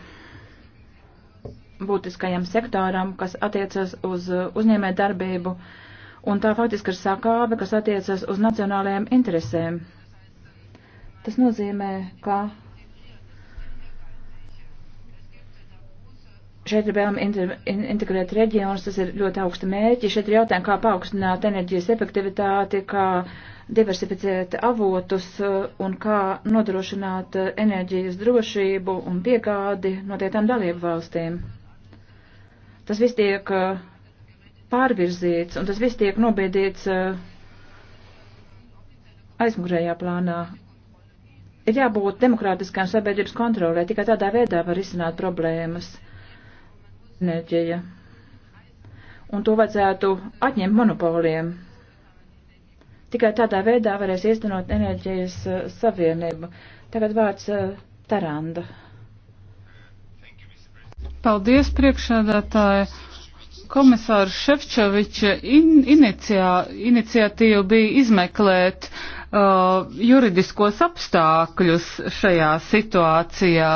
būtiskajam sektoram, kas attiecas uz uzņēmē darbību. Uh, un tā faktiski ir sakāve, kas attiecas uz nacionālajiem interesēm. Tas nozīmē, ka šeit ir vēlama integrēt reģionus, tas ir ļoti augsta mērķi. Šeit ir jautājumi, kā paaugstināt enerģijas efektivitāti, kā diversificēt avotus uh, un kā nodrošināt uh, enerģijas drošību un piegādi no tām dalību valstīm. Tas viss tiek uh, pārvirzīts, un tas viss tiek nobiedīts eh, aizmugurējā plānā. Ir jābūt demokrātiskām sabiedrības kontrolē, tikai tādā veidā var izsināt problēmas. Enerģija. Un to vajadzētu atņemt monopoliem. Tikai tādā veidā varēs īstenot enerģijas eh, savienību. Tagad vārds eh, Taranda. Paldies, priekšsēdētāji komisāra Šefčoviča in, inicijā, iniciatīva bija izmeklēt uh, juridiskos apstākļus šajā situācijā,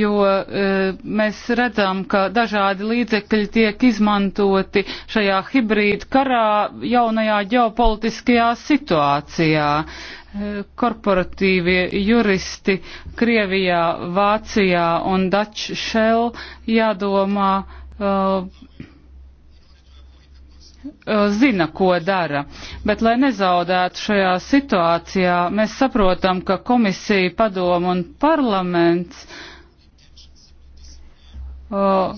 jo uh, mēs redzam, ka dažādi līdzekļi tiek izmantoti šajā hibrīd karā jaunajā ģeopolitiskajā situācijā. Uh, korporatīvie juristi Krievijā, Vācijā un Dutch Shell jādomā uh, zina, ko dara. Bet, lai nezaudētu šajā situācijā, mēs saprotam, ka komisija, padoma un parlaments uh,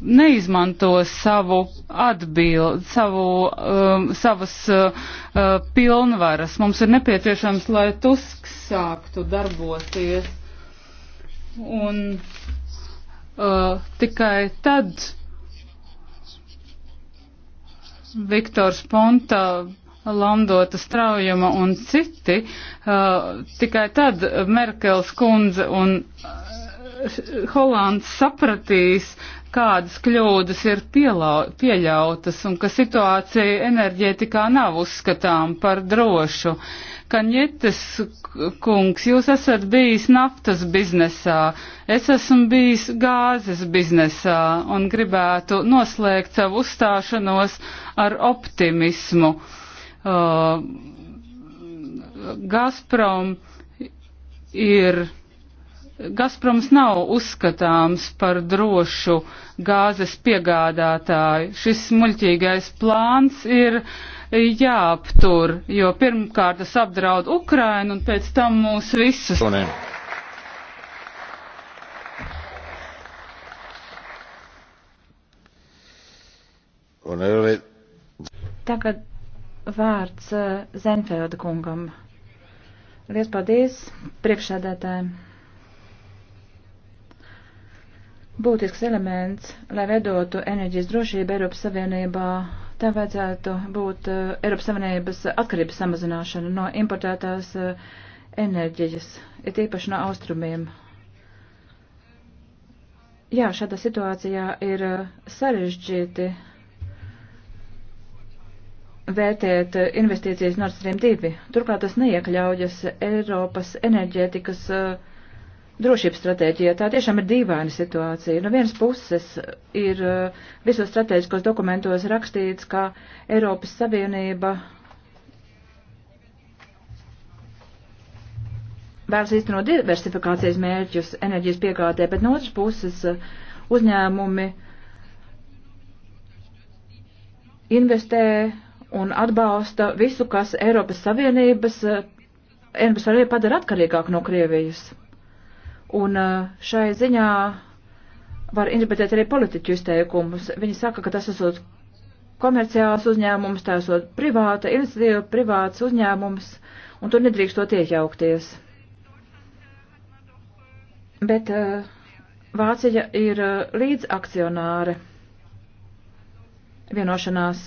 neizmanto savu atbildi, savu, um, savas uh, pilnvaras. Mums ir nepieciešams, lai Tusks sāktu darboties. Un uh, tikai tad Viktors Ponta, Lamdota Straujuma un citi, uh, tikai tad Merkels kundze un uh, Holands sapratīs, kādas kļūdas ir pielau, pieļautas un ka situācija enerģētikā nav uzskatām par drošu. Uh, Kaņetes kungs, jūs esat bijis naftas biznesā, es esmu bijis gāzes biznesā un gribētu noslēgt savu uzstāšanos ar optimismu. Uh, Gazprom ir. Gazproms nav uzskatāms par drošu gāzes piegādātāju. Šis muļķīgais plāns ir jāaptur, jo pirmkārt tas apdraud Ukrainu un pēc tam mūs visus. Tonē. Tagad vārds eh, Zenfelda kungam. Lies paldies priekšsēdētājiem. Būtisks elements, lai vedotu enerģijas drošību Eiropas Savienībā Tā vajadzētu būt uh, Eiropas Savienības atkarības samazināšana no importētās uh, enerģijas, ir īpaši no austrumiem. Jā, šādā situācijā ir uh, sarežģīti vērtēt uh, investīcijas Nord Stream 2. Turklāt tas neiekļaujas Eiropas enerģētikas uh, drošības stratēģijā tā tiešām ir dīvaina situācija. No vienas puses ir eh, visos stratēģiskos dokumentos rakstīts, ka Eiropas Savienība vēlas īstenot diversifikācijas mērķus enerģijas piegādē, bet no otras puses eh, uzņēmumi investē un atbalsta visu, kas Eiropas Savienības, eh, Eiropas Savienība padara atkarīgāk no Krievijas. Un eh, šai ziņā var interpretēt arī politiķu izteikumus. Viņi saka, ka tas esot komerciāls uzņēmums, tā esot privāta iniciatīva, privāts uzņēmums, un tur nedrīkstot iejaukties. Bet uh, Vācija ir uh, līdzakcionāre vienošanās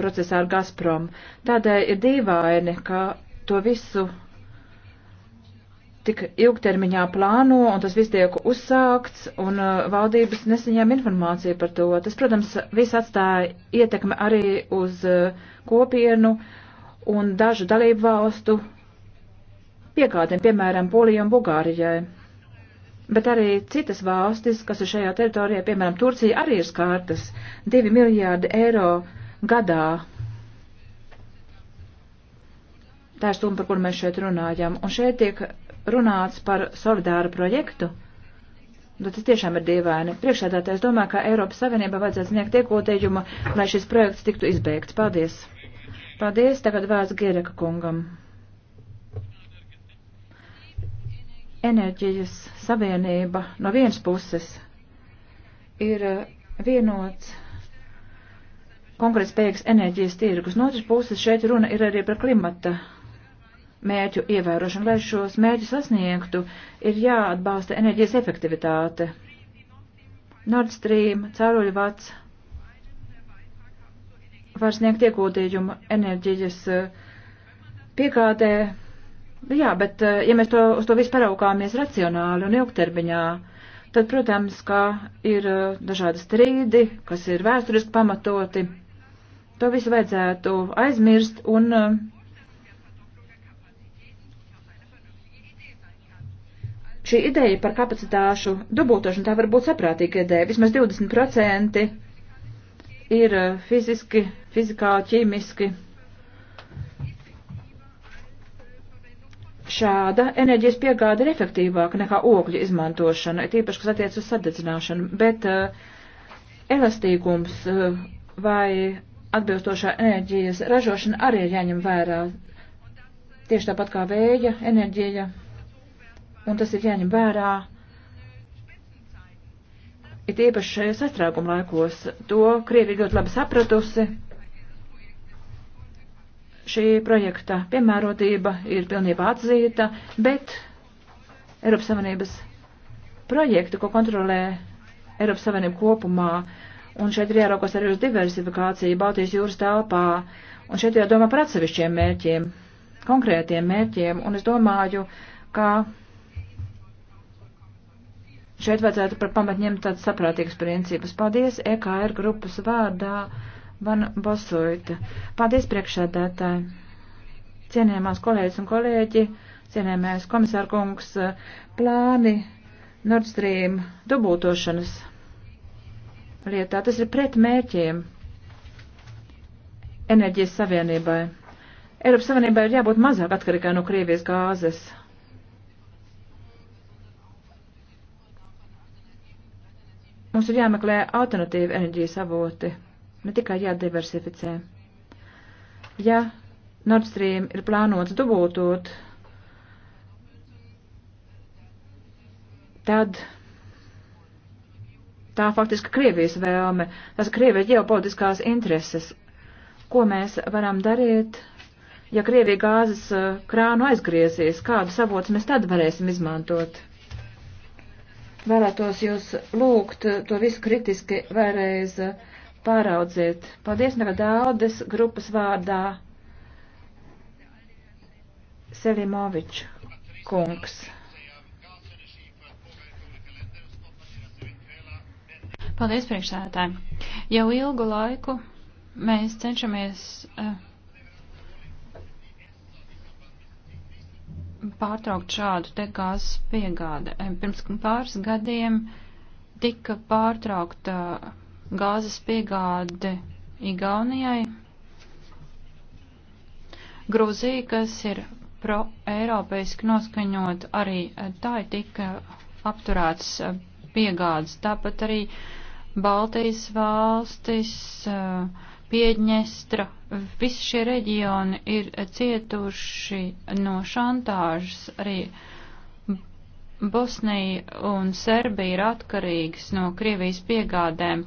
procesā ar Gazprom. Tādēļ ir dīvaini, ka to visu tik ilgtermiņā plāno, un tas viss tiek uzsākts, un uh, valdības nesaņēma informāciju par to. Tas, protams, viss atstāja ietekme arī uz uh, kopienu un dažu dalību valstu piegādiem, piemēram, Polijai un Bulgārijai. Bet arī citas valstis, kas ir šajā teritorijā, piemēram, Turcija, arī ir skārtas 2 miljārdi eiro gadā. Tā ir summa, par kuru mēs šeit runājam. Un šeit tiek runāts par solidāru projektu, Nu, tas tiešām ir dīvaini. Priekšsēdētāj, es domāju, ka Eiropas Savienībā vajadzētu sniegt iekotījumu, lai šis projekts tiktu izbeigts. Paldies. Paldies. Tagad vārds Giereka kungam. Enerģijas savienība no vienas puses ir eh, vienots konkrēts spējīgs enerģijas tirgus. No otras puses šeit runa ir arī par klimata mērķu ievērošanu. Lai šos mērķus sasniegtu, ir jāatbalsta enerģijas efektivitāte. Nord Stream, cauruļvats var sniegt iegūtījumu enerģijas eh, piegādē. Jā, bet eh, ja mēs to, uz to visu paraugāmies racionāli un ilgtermiņā, tad, protams, kā ir eh, dažādi strīdi, kas ir vēsturiski pamatoti, to visu vajadzētu aizmirst un uh, Šī ideja par kapacitāšu dubultošanu tā var būt saprātīga ideja. Vismaz 20% ir eh, fiziski, fizikāli, ķīmiski. Šāda enerģijas piegāde ir efektīvāka nekā ogļu izmantošana, tīpaši, kas attiec uz sadedzināšanu, bet uh, elastīgums uh, vai atbilstošā enerģijas ražošana arī ir jāņem vērā. Tieši tāpat kā vēja enerģija un tas ir jāņem vērā. It īpaši sastrēguma laikos to Krievi ļoti labi sapratusi. Šī projekta piemērotība ir pilnībā atzīta, bet Eiropas Savienības projekti, ko kontrolē Eiropas Savienība kopumā, un šeit ir jāraukos arī uz diversifikāciju Baltijas jūras telpā, un šeit jādomā par atsevišķiem mērķiem, konkrētiem mērķiem, un es domāju, ka Šeit vajadzētu par pamat ņemt tādas saprātīgas principus. Paldies EKR grupas vārdā Van Bosoita. Paldies priekšsēdētāji. Cienējamās kolēģis un kolēģi, cienējamais komisārkungs, plāni Nord Stream dubultošanas lietā. Tas ir pret mērķiem enerģijas savienībai. Eiropas Savienībai ir jābūt mazāk atkarīgai no Krievijas gāzes. Mums ir jāmeklē alternatīva enerģijas avoti, ne tikai jādiversificē. Ja Nord Stream ir plānots dubultot, tad tā faktiski Krievijas vēlme, tas Krievijas ģeopolitiskās intereses. Ko mēs varam darīt, ja Krievija gāzes eh, krānu aizgriezies, kādu savots mēs tad varēsim izmantot? vēlētos jūs lūgt to visu kritiski vēlreiz pāraudzēt. Paldies Neva Daudes grupas vārdā Selimovičs kungs. Paldies priekšsēdētājiem. Jau ilgu laiku mēs cenšamies uh, pārtraukt šādu te gāzes piegādi. Pirms pāris gadiem tika pārtraukta gāzes piegāde Igaunijai. Grūzija, kas ir pro-eiropeiski noskaņot, arī eh, tā ir tika apturēts eh, piegādes. Tāpat arī Baltijas valstis, eh, Piedņestra Visi šie reģioni ir cietuši no šantāžas arī. Bosnija un Serbija ir atkarīgas no Krievijas piegādēm,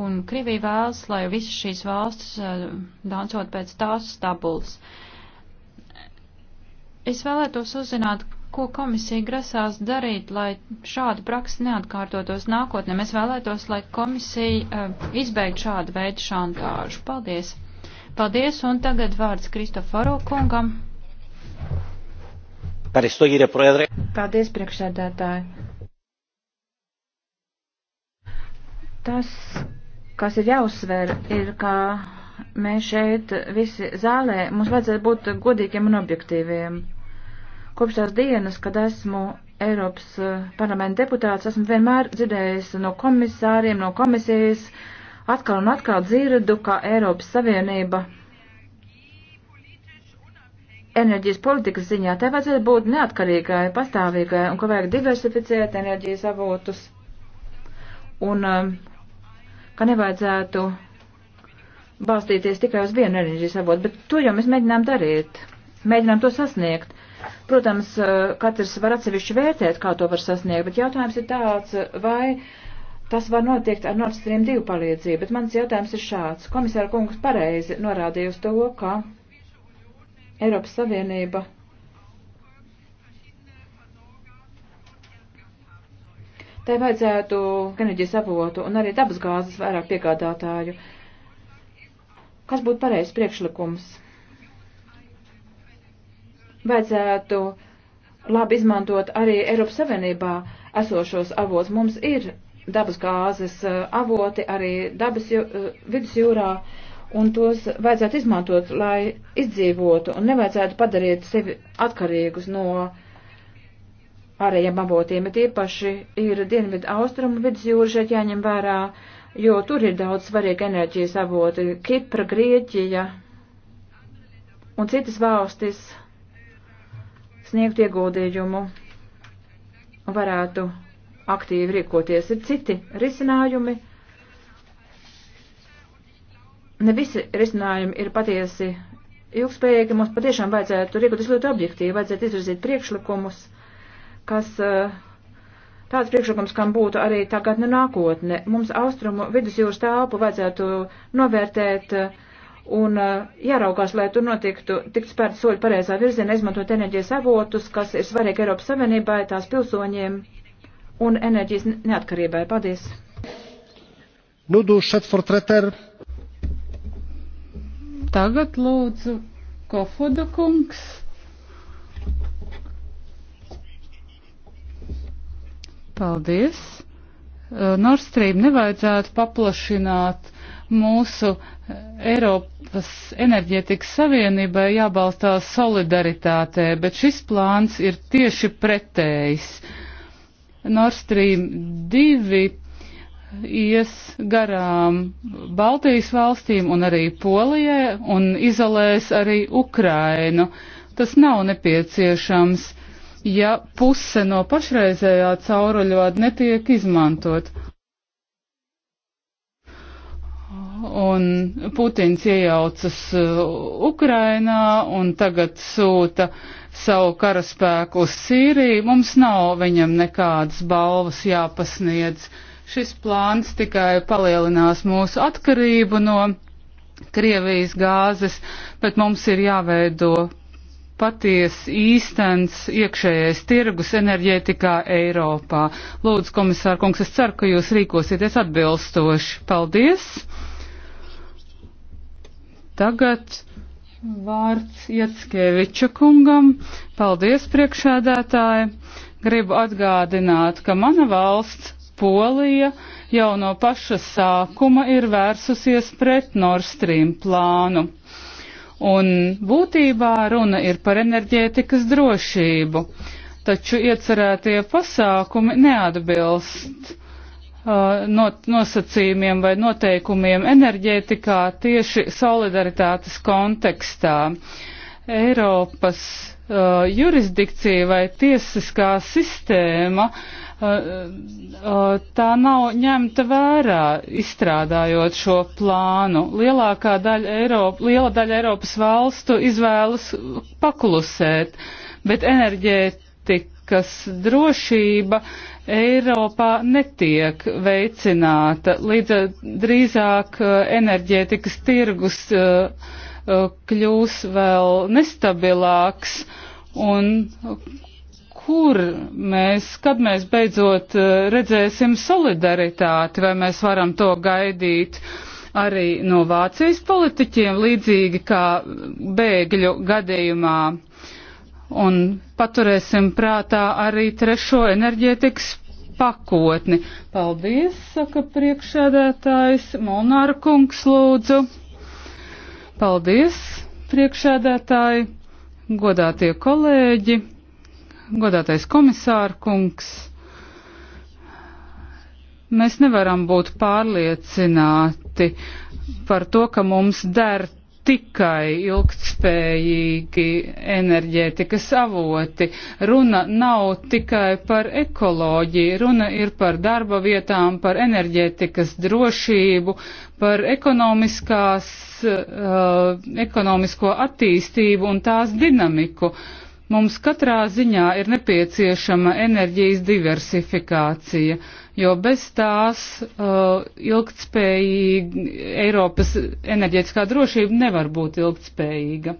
un Krievija vēlas, lai visas šīs valstis uh, eh, dancot pēc tās stabulas. Es vēlētos uzzināt, Ko komisija grasās darīt, lai šāda praksa neatkārtotos nākotnē? Mēs vēlētos, lai komisija eh, izbeigtu šādu veidu šantāžu. Paldies! Paldies, un tagad vārds Kristoforu kungam. Paldies, priekšsēdētāji. Tas, kas ir jāuzsver, ir, ka mēs šeit visi zālē, mums vajadzētu būt godīgiem un objektīviem Kopš tās dienas, kad esmu Eiropas eh, parlamenta deputāts, esmu vienmēr dzirdējis no komisāriem, no komisijas, atkal un atkal dzirdu, ka Eiropas Savienība enerģijas politikas ziņā te vajadzētu būt neatkarīgai, pastāvīgai un ka vajag diversificēt enerģijas avotus un eh, ka nevajadzētu balstīties tikai uz vienu enerģijas avotu, bet to jau mēs mēģinām darīt, mēģinām to sasniegt. Protams, eh, katrs var atsevišķi vērtēt, kā to var sasniegt, bet jautājums ir tāds, vai tas var notiekt ar Nord Stream 2 palīdzību. Bet mans jautājums ir šāds. Komisāra kungs pareizi norādīja uz to, ka Eiropas Savienība tai vajadzētu enerģijas avotu un arī dabasgāzes vairāk piegādātāju. Kas būtu pareizs priekšlikums? vajadzētu labi izmantot arī Eiropas Savienībā esošos avots. Mums ir dabas gāzes uh, avoti arī dabas jū, uh, vidusjūrā, un tos vajadzētu izmantot, lai izdzīvotu, un nevajadzētu padarīt sevi atkarīgus no ārējiem avotiem, bet īpaši ir dienvidu austrumu vidusjūra šeit jāņem vērā, jo tur ir daudz svarīgi enerģijas avoti - Kipra, Grieķija un citas valstis sniegt ieguldījumu un varētu aktīvi rīkoties. Ir citi risinājumi. Ne visi risinājumi ir patiesi ilgspējīgi. Mums patiešām vajadzētu rīkoties ļoti objektīvi, vajadzētu izvirzīt priekšlikumus, kas tāds priekšlikums, kam būtu arī tagad ne nu nākotne. Mums austrumu vidusjūras tālpu vajadzētu novērtēt uh, un uh, jāraugās, lai tur notiktu tik spērts soļi pareizā virzienā, izmantot enerģijas avotus, kas ir svarīgi Eiropas Savienībai, tās pilsoņiem un enerģijas neatkarībai. Paldies! Nudu Šetfortreter. Tagad lūdzu Kofoda kungs. Paldies! Uh, Nord Stream nevajadzētu paplašināt mūsu eh, Eiropas enerģētikas savienībai jābalstās solidaritātē, bet šis plāns ir tieši pretējs. Nord Stream 2 ies garām Baltijas valstīm un arī Polijai un izolēs arī Ukrainu. Tas nav nepieciešams, ja puse no pašreizējā cauruļvada netiek izmantot. un Putins iejaucas uh, Ukrainā un tagad sūta savu karaspēku uz Sīriju, mums nav viņam nekādas balvas jāpasniedz. Šis plāns tikai palielinās mūsu atkarību no Krievijas gāzes, bet mums ir jāveido paties īstens iekšējais tirgus enerģētikā Eiropā. Lūdzu, komisār kungs, es ceru, ka jūs rīkosieties atbilstoši. Paldies! Tagad vārds Ieckeviča kungam. Paldies, priekšēdētāji. Gribu atgādināt, ka mana valsts, Polija, jau no paša sākuma ir vērsusies pret Nord Stream plānu. Un būtībā runa ir par enerģētikas drošību, taču iecerētie pasākumi neatbilst Uh, nosacījumiem vai noteikumiem enerģētikā tieši solidaritātes kontekstā. Eiropas uh, jurisdikcija vai tiesiskā sistēma uh, uh, tā nav ņemta vērā, izstrādājot šo plānu. Lielākā daļa Eiropa, liela daļa Eiropas valstu izvēlas paklusēt, bet enerģēt pārtikas drošība Eiropā netiek veicināta, līdz eh, drīzāk eh, enerģētikas tirgus eh, kļūs vēl nestabilāks un kur mēs, kad mēs beidzot redzēsim solidaritāti, vai mēs varam to gaidīt arī no Vācijas politiķiem, līdzīgi kā bēgļu gadījumā un paturēsim prātā arī trešo enerģētikas pakotni. Paldies, saka priekšēdētājs Molnāra kungs lūdzu. Paldies, priekšēdētāji, godātie kolēģi, godātais komisāra kungs. Mēs nevaram būt pārliecināti par to, ka mums der tikai ilgtspējīgi enerģētikas avoti. Runa nav tikai par ekoloģiju, runa ir par darba vietām, par enerģētikas drošību, par ekonomiskās, uh, ekonomisko attīstību un tās dinamiku. Uh, Mums katrā ziņā ir nepieciešama enerģijas diversifikācija, jo bez tās uh, ilgtspējīga Eiropas enerģētiskā drošība nevar būt ilgtspējīga.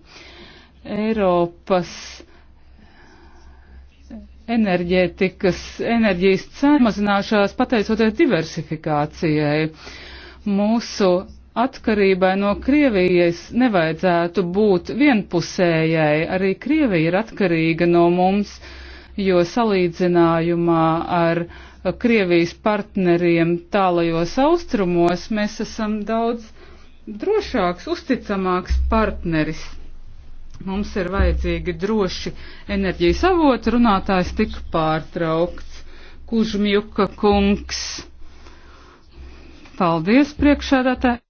Eiropas enerģētikas, enerģijas cenu mazināšās pateicoties diversifikācijai. Mūsu atkarībai no Krievijas nevajadzētu būt vienpusējai. Arī Krievija ir atkarīga no mums, jo salīdzinājumā ar Krievijas partneriem tālajos austrumos mēs esam daudz drošāks, uzticamāks partneris. Mums ir vajadzīgi droši enerģijas avoti, runātājs tika pārtraukts. Kužmjuka kungs. Paldies, priekšādātāji!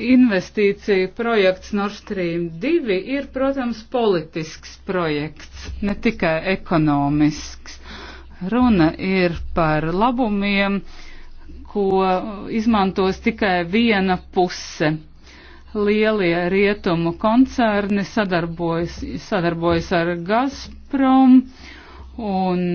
investīciju projekts Nord Stream 2 ir, protams, politisks projekts, ne tikai ekonomisks. Runa ir par labumiem, ko izmantos tikai viena puse. Lielie rietumu koncerni sadarbojas, sadarbojas ar Gazprom un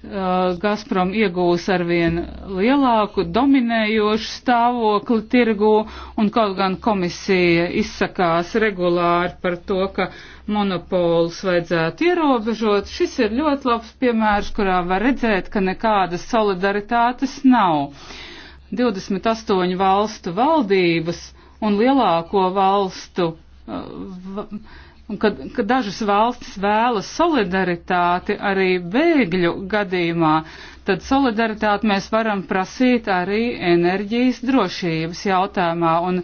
Uh, Gazprom iegūs arvien lielāku dominējošu stāvokli tirgu, un kaut gan komisija izsakās regulāri par to, ka monopols vajadzētu ierobežot, šis ir ļoti labs piemērs, kurā var redzēt, ka nekādas solidaritātes nav. 28 valstu valdības un lielāko valstu uh, un kad, kad dažas valstis vēlas solidaritāti arī bēgļu gadījumā, tad solidaritāti mēs varam prasīt arī enerģijas drošības jautājumā. Un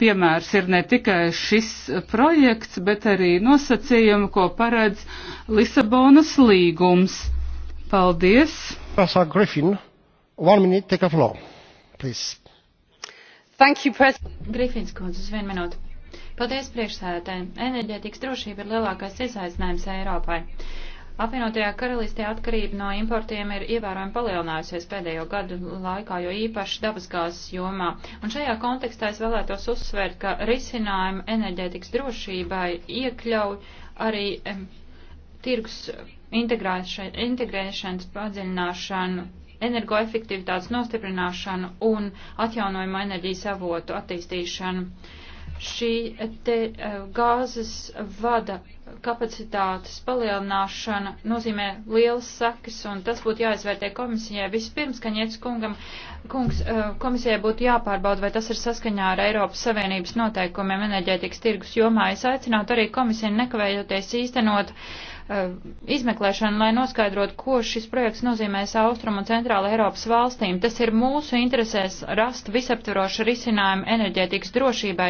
piemērs ir ne tikai šis projekts, bet arī nosacījumi, ko paredz Lisabonas līgums. Paldies! Professor Griffin, one minute, take a floor, please. Thank you, President. Griffins, kundze, uz vienu minūti. Paldies priekšsēdētājiem. Enerģētikas drošība ir lielākais izaicinājums Eiropai. Apvienotajā karalistē atkarība no importiem ir ievērojami palielinājusies pēdējo gadu laikā, jo īpaši dabasgāzes jomā. Un šajā kontekstā es vēlētos uzsvērt, ka risinājumu enerģētikas drošībai iekļauj arī um, tirgus integrēšanas padziļināšanu, energoefektivitātes nostiprināšanu un atjaunojumu enerģijas avotu attīstīšanu šī te eh, gāzes vada kapacitātes palielināšana nozīmē lielas sakas, un tas būtu jāizvērtē komisijai. Vispirms, ka Ņets kungam, kungs, eh, komisijai būtu jāpārbauda, vai tas ir saskaņā ar Eiropas Savienības noteikumiem enerģētikas tirgus jomā. Es aicinātu arī komisiju nekavējoties īstenot uh, Eh, izmeklēšanu, lai noskaidrotu, ko šis projekts nozīmēs Austrum un Centrāla Eiropas valstīm. Tas ir mūsu interesēs rast visaptvarošu risinājumu enerģētikas drošībai,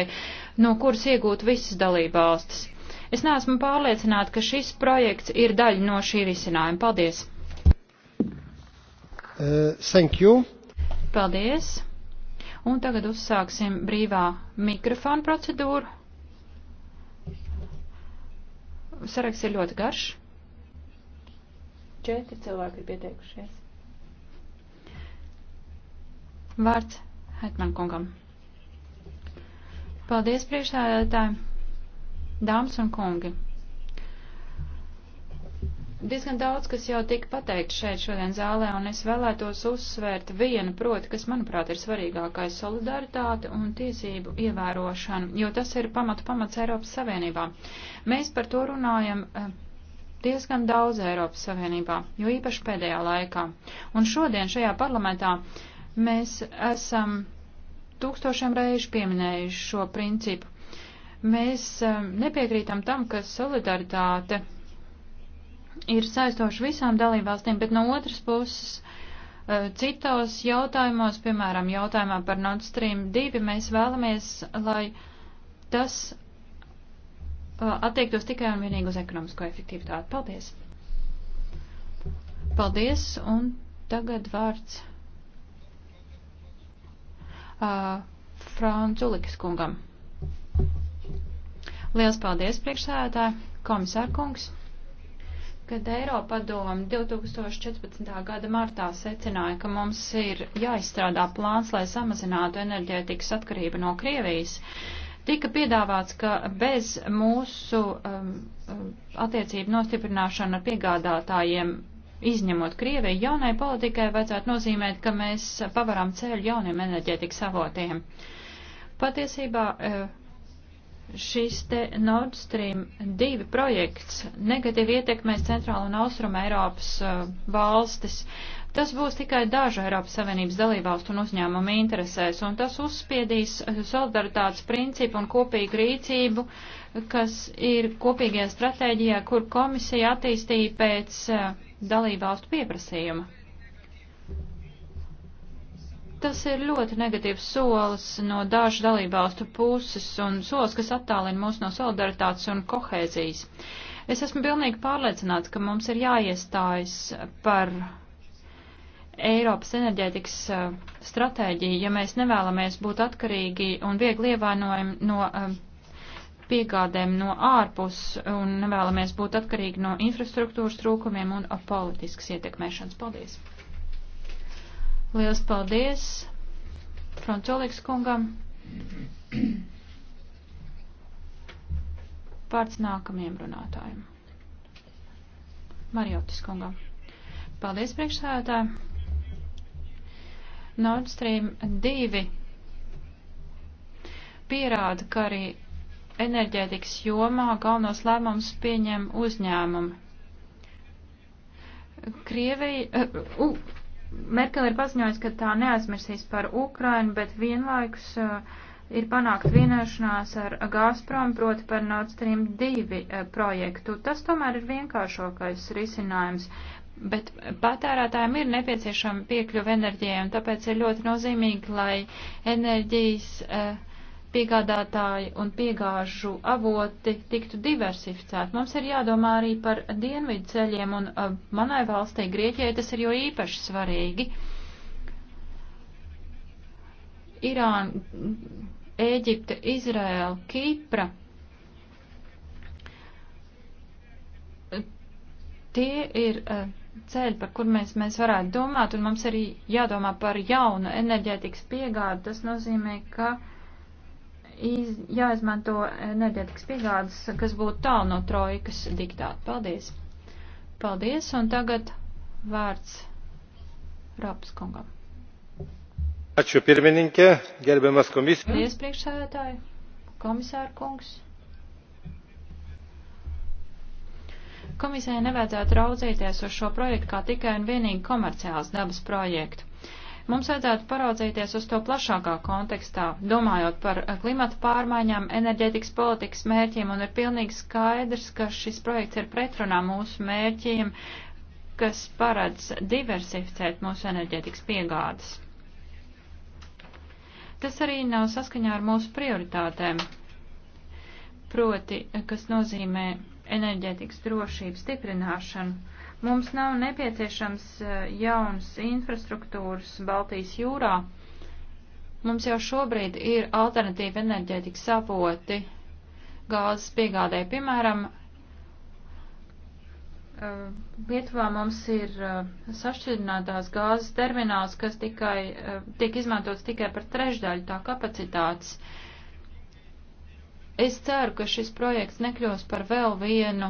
no kuras iegūt visas dalībvalstis. Es neesmu pārliecināta, ka šis projekts ir daļa no šī risinājuma. Paldies! Uh, thank you! Paldies! Un tagad uzsāksim brīvā mikrofona procedūru. Saraksts ir ļoti garš. Četri cilvēki ir pieteikušies. Vārds Hetman kungam. Paldies priekšsēdētāji, dāmas un kungi. Diezgan daudz, kas jau tika pateikt šeit šodien zālē, un es vēlētos uzsvērt vienu, proti, kas, manuprāt, ir svarīgākais - solidaritāte un tiesību ievērošana, jo tas ir pamatu pamats Eiropas Savienībā. Mēs par to runājam eh, diezgan daudz Eiropas Savienībā, jo īpaši pēdējā laikā. Un šodien šajā parlamentā mēs esam tūkstošiem reižu pieminējuši šo principu. Mēs eh, nepiekrītam tam, ka solidaritāte ir saistoši visām dalībvalstīm, bet no otras puses eh, citos jautājumos, piemēram, jautājumā par Nord Stream 2, mēs vēlamies, lai tas eh, attiektos tikai un vienīgi uz ekonomisko efektivitāti. Paldies! Paldies, un tagad vārds uh, eh, Frančulikas kungam. Liels paldies, priekšsēdētāji, komisārkungs! kad Eiropa doma 2014. gada martā secināja, ka mums ir jāizstrādā plāns, lai samazinātu enerģētikas atkarību no Krievijas, tika piedāvāts, ka bez mūsu um, um attiecību nostiprināšana ar piegādātājiem izņemot Krieviju, jaunai politikai vajadzētu nozīmēt, ka mēs pavaram ceļu jauniem enerģētikas avotiem. Patiesībā uh, šis te Nord Stream 2 projekts negatīvi ietekmēs Centrālu un Austrumu Eiropas uh, valstis. Tas būs tikai dažu Eiropas Savienības dalībvalstu un uzņēmumu interesēs, un tas uzspiedīs uh, solidaritātes principu un kopīgu rīcību, kas ir kopīgajā stratēģijā, kur komisija attīstīja pēc uh, dalībvalstu pieprasījuma. Tas ir ļoti negatīvs solis no dažu dalībvalstu puses un solis, kas attālina mūs no solidaritātes un kohēzijas. Es esmu pilnīgi pārliecināts, ka mums ir jāiestājas par Eiropas enerģētikas eh, stratēģiju, ja mēs nevēlamies būt atkarīgi un viegli ievainojami no eh, piegādēm no ārpus un nevēlamies būt atkarīgi no infrastruktūras trūkumiem un eh, politiskas ietekmēšanas. Paldies! Liels paldies Frančolīks kungam. Pārts nākamajam runātājiem. Marjotis kungam. Paldies priekšsēdētāji. Nord Stream 2 pierāda, ka arī enerģētikas jomā galvenos lēmumus pieņem uzņēmumi. Krievija, uh, uh, Merkel ir paziņojusi, ka tā neaizmirsīs par Ukrainu, bet vienlaikus uh, ir panākt vienošanās ar Gazprom, proti par Nord Stream 2 uh, eh, projektu. Tas tomēr ir vienkāršākais risinājums. Bet patērētājiem ir nepieciešama piekļuva enerģijai, un tāpēc ir ļoti nozīmīgi, lai enerģijas uh, piegādātāji un piegāžu avoti tiktu diversificēti. Mums ir jādomā arī par dienvidu ceļiem, un uh, manai valstī Grieķijai tas ir jo īpaši svarīgi. Irāna, Ēģipte, Izraēla, Kīpra. Tie ir uh, ceļi, par kur mēs, mēs varētu domāt, un mums arī jādomā par jaunu enerģētikas piegādu. Tas nozīmē, ka uh, iz, jāizmanto enerģetikas piegādes, kas būtu tālu no trojkas diktāta. Paldies! Paldies, un tagad vārds Raps kungam. Ačiū pirmininkė, gerbiamas komisija. Paldies, priekšsēdētāji, komisāra kungs. Komisijai nevajadzētu raudzīties uz šo projektu kā tikai un vienīgi komerciāls dabas projektu. Mums vajadzētu paraudzīties uz to plašākā kontekstā, domājot par eh, klimata pārmaiņām, enerģētikas politikas mērķiem, un ir pilnīgi skaidrs, ka šis projekts ir pretrunā mūsu mērķiem, kas paredz diversificēt mūsu enerģētikas piegādes. Tas arī nav saskaņā ar mūsu prioritātēm, proti, kas nozīmē enerģētikas drošības stiprināšanu Mums nav nepieciešams e, jauns infrastruktūras Baltijas jūrā. Mums jau šobrīd ir alternatīva enerģētikas savoti gāzes piegādē. Piemēram, e, Lietuvā mums ir e, sašķidrinātās gāzes termināls, kas tikai, tiek izmantots tikai par trešdaļu tā kapacitātes. Es ceru, ka šis projekts nekļūs par vēl vienu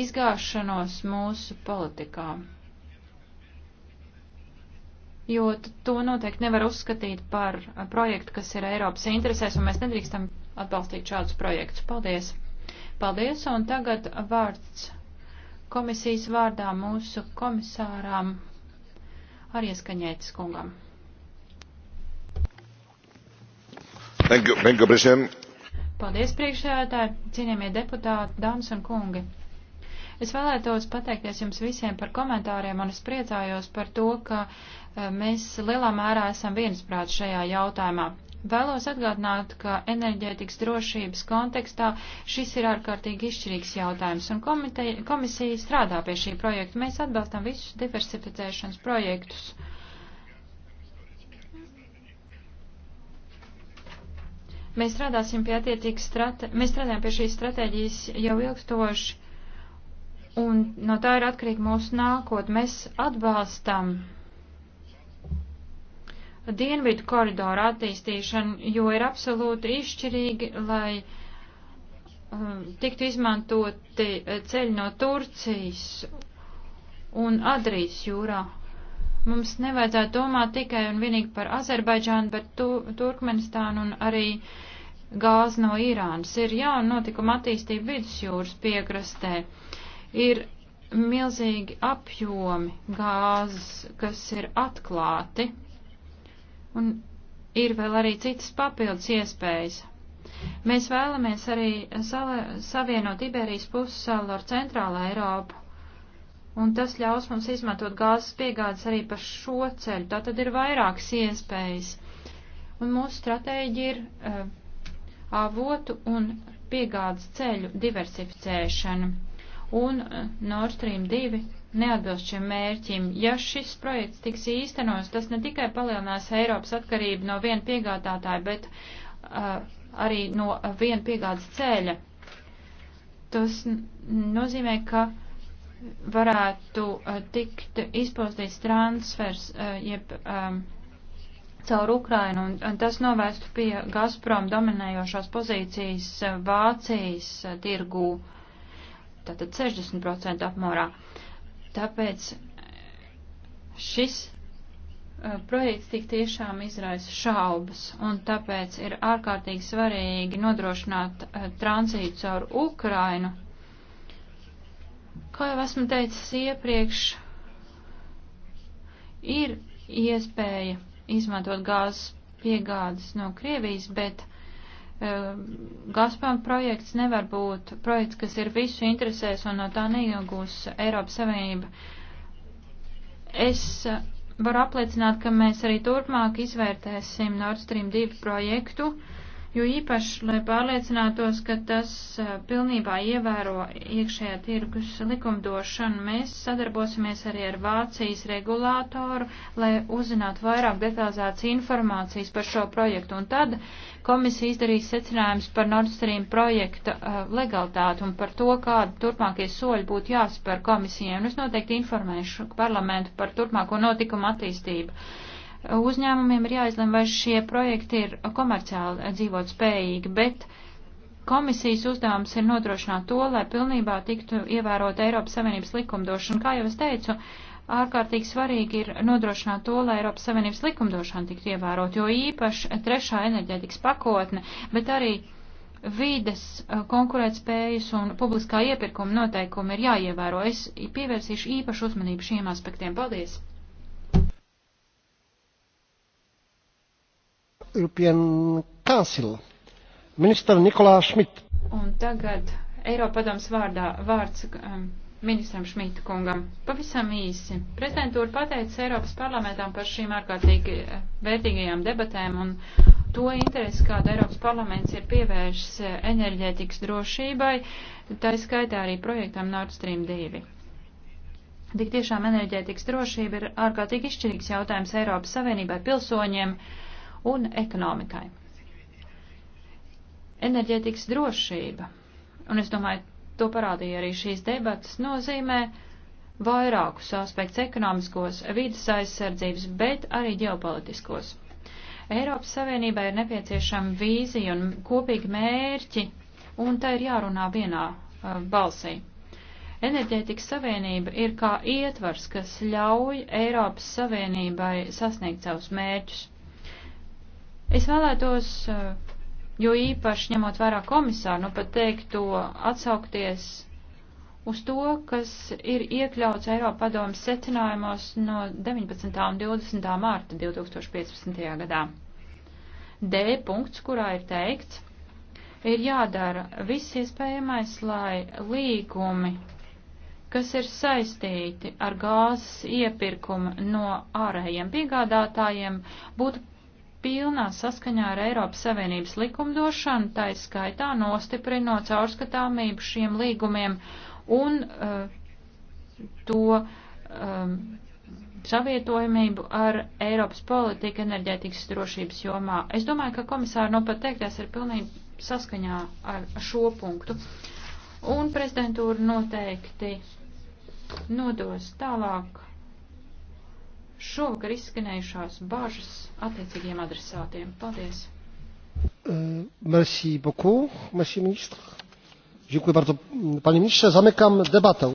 izgāšanos mūsu politikā. Jo to noteikti nevar uzskatīt par eh, projektu, kas ir Eiropas interesēs, un mēs nedrīkstam atbalstīt šādus projektus. Paldies! Paldies, un tagad vārds komisijas vārdā mūsu komisārām arī skaņētas kungam. Thank you, thank you, Paldies, priekšsēdētāji, cienījamie deputāti, dāmas un kungi! Es vēlētos pateikties jums visiem par komentāriem, un es priecājos par to, ka e, mēs lielā mērā esam viensprāt šajā jautājumā. Vēlos atgādināt, ka enerģētikas drošības kontekstā šis ir ārkārtīgi izšķirīgs jautājums, un komiteja, komisija strādā pie šī projekta. Mēs atbalstam visus diversificēšanas projektus. Mēs strādāsim pie attiecīgas strate... mēs strādājam pie šīs stratēģijas jau ilgstoši. Un no tā ir atkarīga mūsu nākotne. Mēs atbalstam dienvidu koridoru attīstīšanu, jo ir absolūti izšķirīgi, lai um, tiktu izmantoti eh, ceļi no Turcijas un Adrijas jūrā. Mums nevajadzētu domāt tikai un vienīgi par Azerbaidžānu, bet tu, Turkmenistānu un arī gāzi no Irānas. Ir jauna notikuma attīstība vidusjūras piekrastē. Uh, ir milzīgi apjomi gāzes, kas ir atklāti, un ir vēl arī citas papildus iespējas. Mēs vēlamies arī savienot Iberijas pussalu ar centrālu Eiropu, un tas ļaus mums izmantot gāzes piegādes arī pa šo ceļu. Tā tad ir vairākas iespējas, un mūsu stratēģi ir uh, avotu un piegādes ceļu diversificēšana un eh, Nord Stream 2 neatbilst šiem mērķim. Ja šis projekts tiks īstenos, tas ne tikai palielinās Eiropas atkarību no viena piegādātāja, bet uh, arī no viena piegādas ceļa. Tas nozīmē, ka varētu uh, tikt izpostīts transfers, uh, jeb um, caur Ukrainu, un tas novērstu pie Gazprom dominējošās pozīcijas Vācijas tirgū. Uh, tātad 60% apmērā. Tāpēc eh, šis eh, projekts tik tiešām izraisa šaubas, un tāpēc ir ārkārtīgi svarīgi nodrošināt eh, tranzītu caur Ukrainu. Kā jau esmu teicis iepriekš, ir iespēja izmantot gāzes piegādes no Krievijas, bet uh, Gazprom projekts nevar būt projekts, kas ir visu interesēs un no tā neiegūs Eiropas Savienība. Es varu apliecināt, ka mēs arī turpmāk izvērtēsim Nord Stream 2 projektu. Uh, jo īpaši, lai pārliecinātos, ka tas pilnībā ievēro iekšējā tirgus likumdošanu, mēs sadarbosimies arī ar Vācijas regulātoru, lai uzzinātu vairāk detalizētas informācijas par šo projektu. Un tad komisija izdarīs secinājumus par Nord Stream projekta uh, legalitāti un par to, kādi turpmākie soļi būtu jāspēr komisijai. Un es noteikti informēšu parlamentu par turpmāko notikumu attīstību uzņēmumiem ir jāizlem, vai šie projekti ir komerciāli dzīvot spējīgi, bet komisijas uzdevums ir nodrošināt to, lai pilnībā tiktu ievērot Eiropas Savienības likumdošanu. Kā jau es teicu, ārkārtīgi svarīgi ir nodrošināt to, lai Eiropas Savienības likumdošana tiktu ievērot, jo īpaši trešā enerģētikas pakotne, bet arī vīdes eh, konkurētspējas un publiskā iepirkuma noteikumi ir jāievēro. Es pievērsīšu īpašu uzmanību šiem aspektiem. Paldies! European Council. Minister Nikolā Šmit. Un tagad Eiropadoms vārdā vārds um, ministram Šmita kungam. Pavisam īsi. Prezidentūra pateica Eiropas parlamentām par šīm ārkārtīgi eh, vērtīgajām debatēm un to interesi, kādu Eiropas parlaments ir pievēršs eh, enerģētikas drošībai, tā skaitā arī projektam Nord Stream 2. Tik tiešām enerģētikas drošība ir ārkārtīgi izšķirīgs jautājums Eiropas Savienībai pilsoņiem un ekonomikai. Enerģētikas drošība, un es domāju, to parādīja arī šīs debatas, nozīmē vairākus aspektus ekonomiskos, vidas aizsardzības, bet arī ģeopolitiskos. Eiropas Savienībai ir nepieciešama vīzija un kopīgi mērķi, un tā ir jārunā vienā uh, balsī. Enerģētikas savienība ir kā ietvars, kas ļauj Eiropas Savienībai sasniegt savus mērķus. Es vēlētos, eh, jo īpaši ņemot vērā komisāru, nu pat teikt to atsaukties uz to, kas ir iekļauts Eiropa padomas secinājumos no 19. un 20. mārta 2015. gadā. D punkts, kurā ir teikts, ir jādara viss iespējamais, lai līgumi, kas ir saistīti ar gāzes iepirkumu no ārējiem piegādātājiem, būtu pilnā saskaņā ar Eiropas Savienības likumdošanu, tā izskaitā nostiprinot caurskatāmību šiem līgumiem un uh, to um, savietojamību ar Eiropas politiku enerģētikas drošības jomā. Es domāju, ka komisāra no nu pat teiktais ir pilnīgi saskaņā ar šo punktu. Un prezidentūra noteikti nodos tālāk šovakar izskanējušās bāžas attiecīgiem adresātiem. Paldies! Uh, merci beaucoup, monsieur ministre. Dziękuję bardzo. Panie ministrze, zamykam debatę.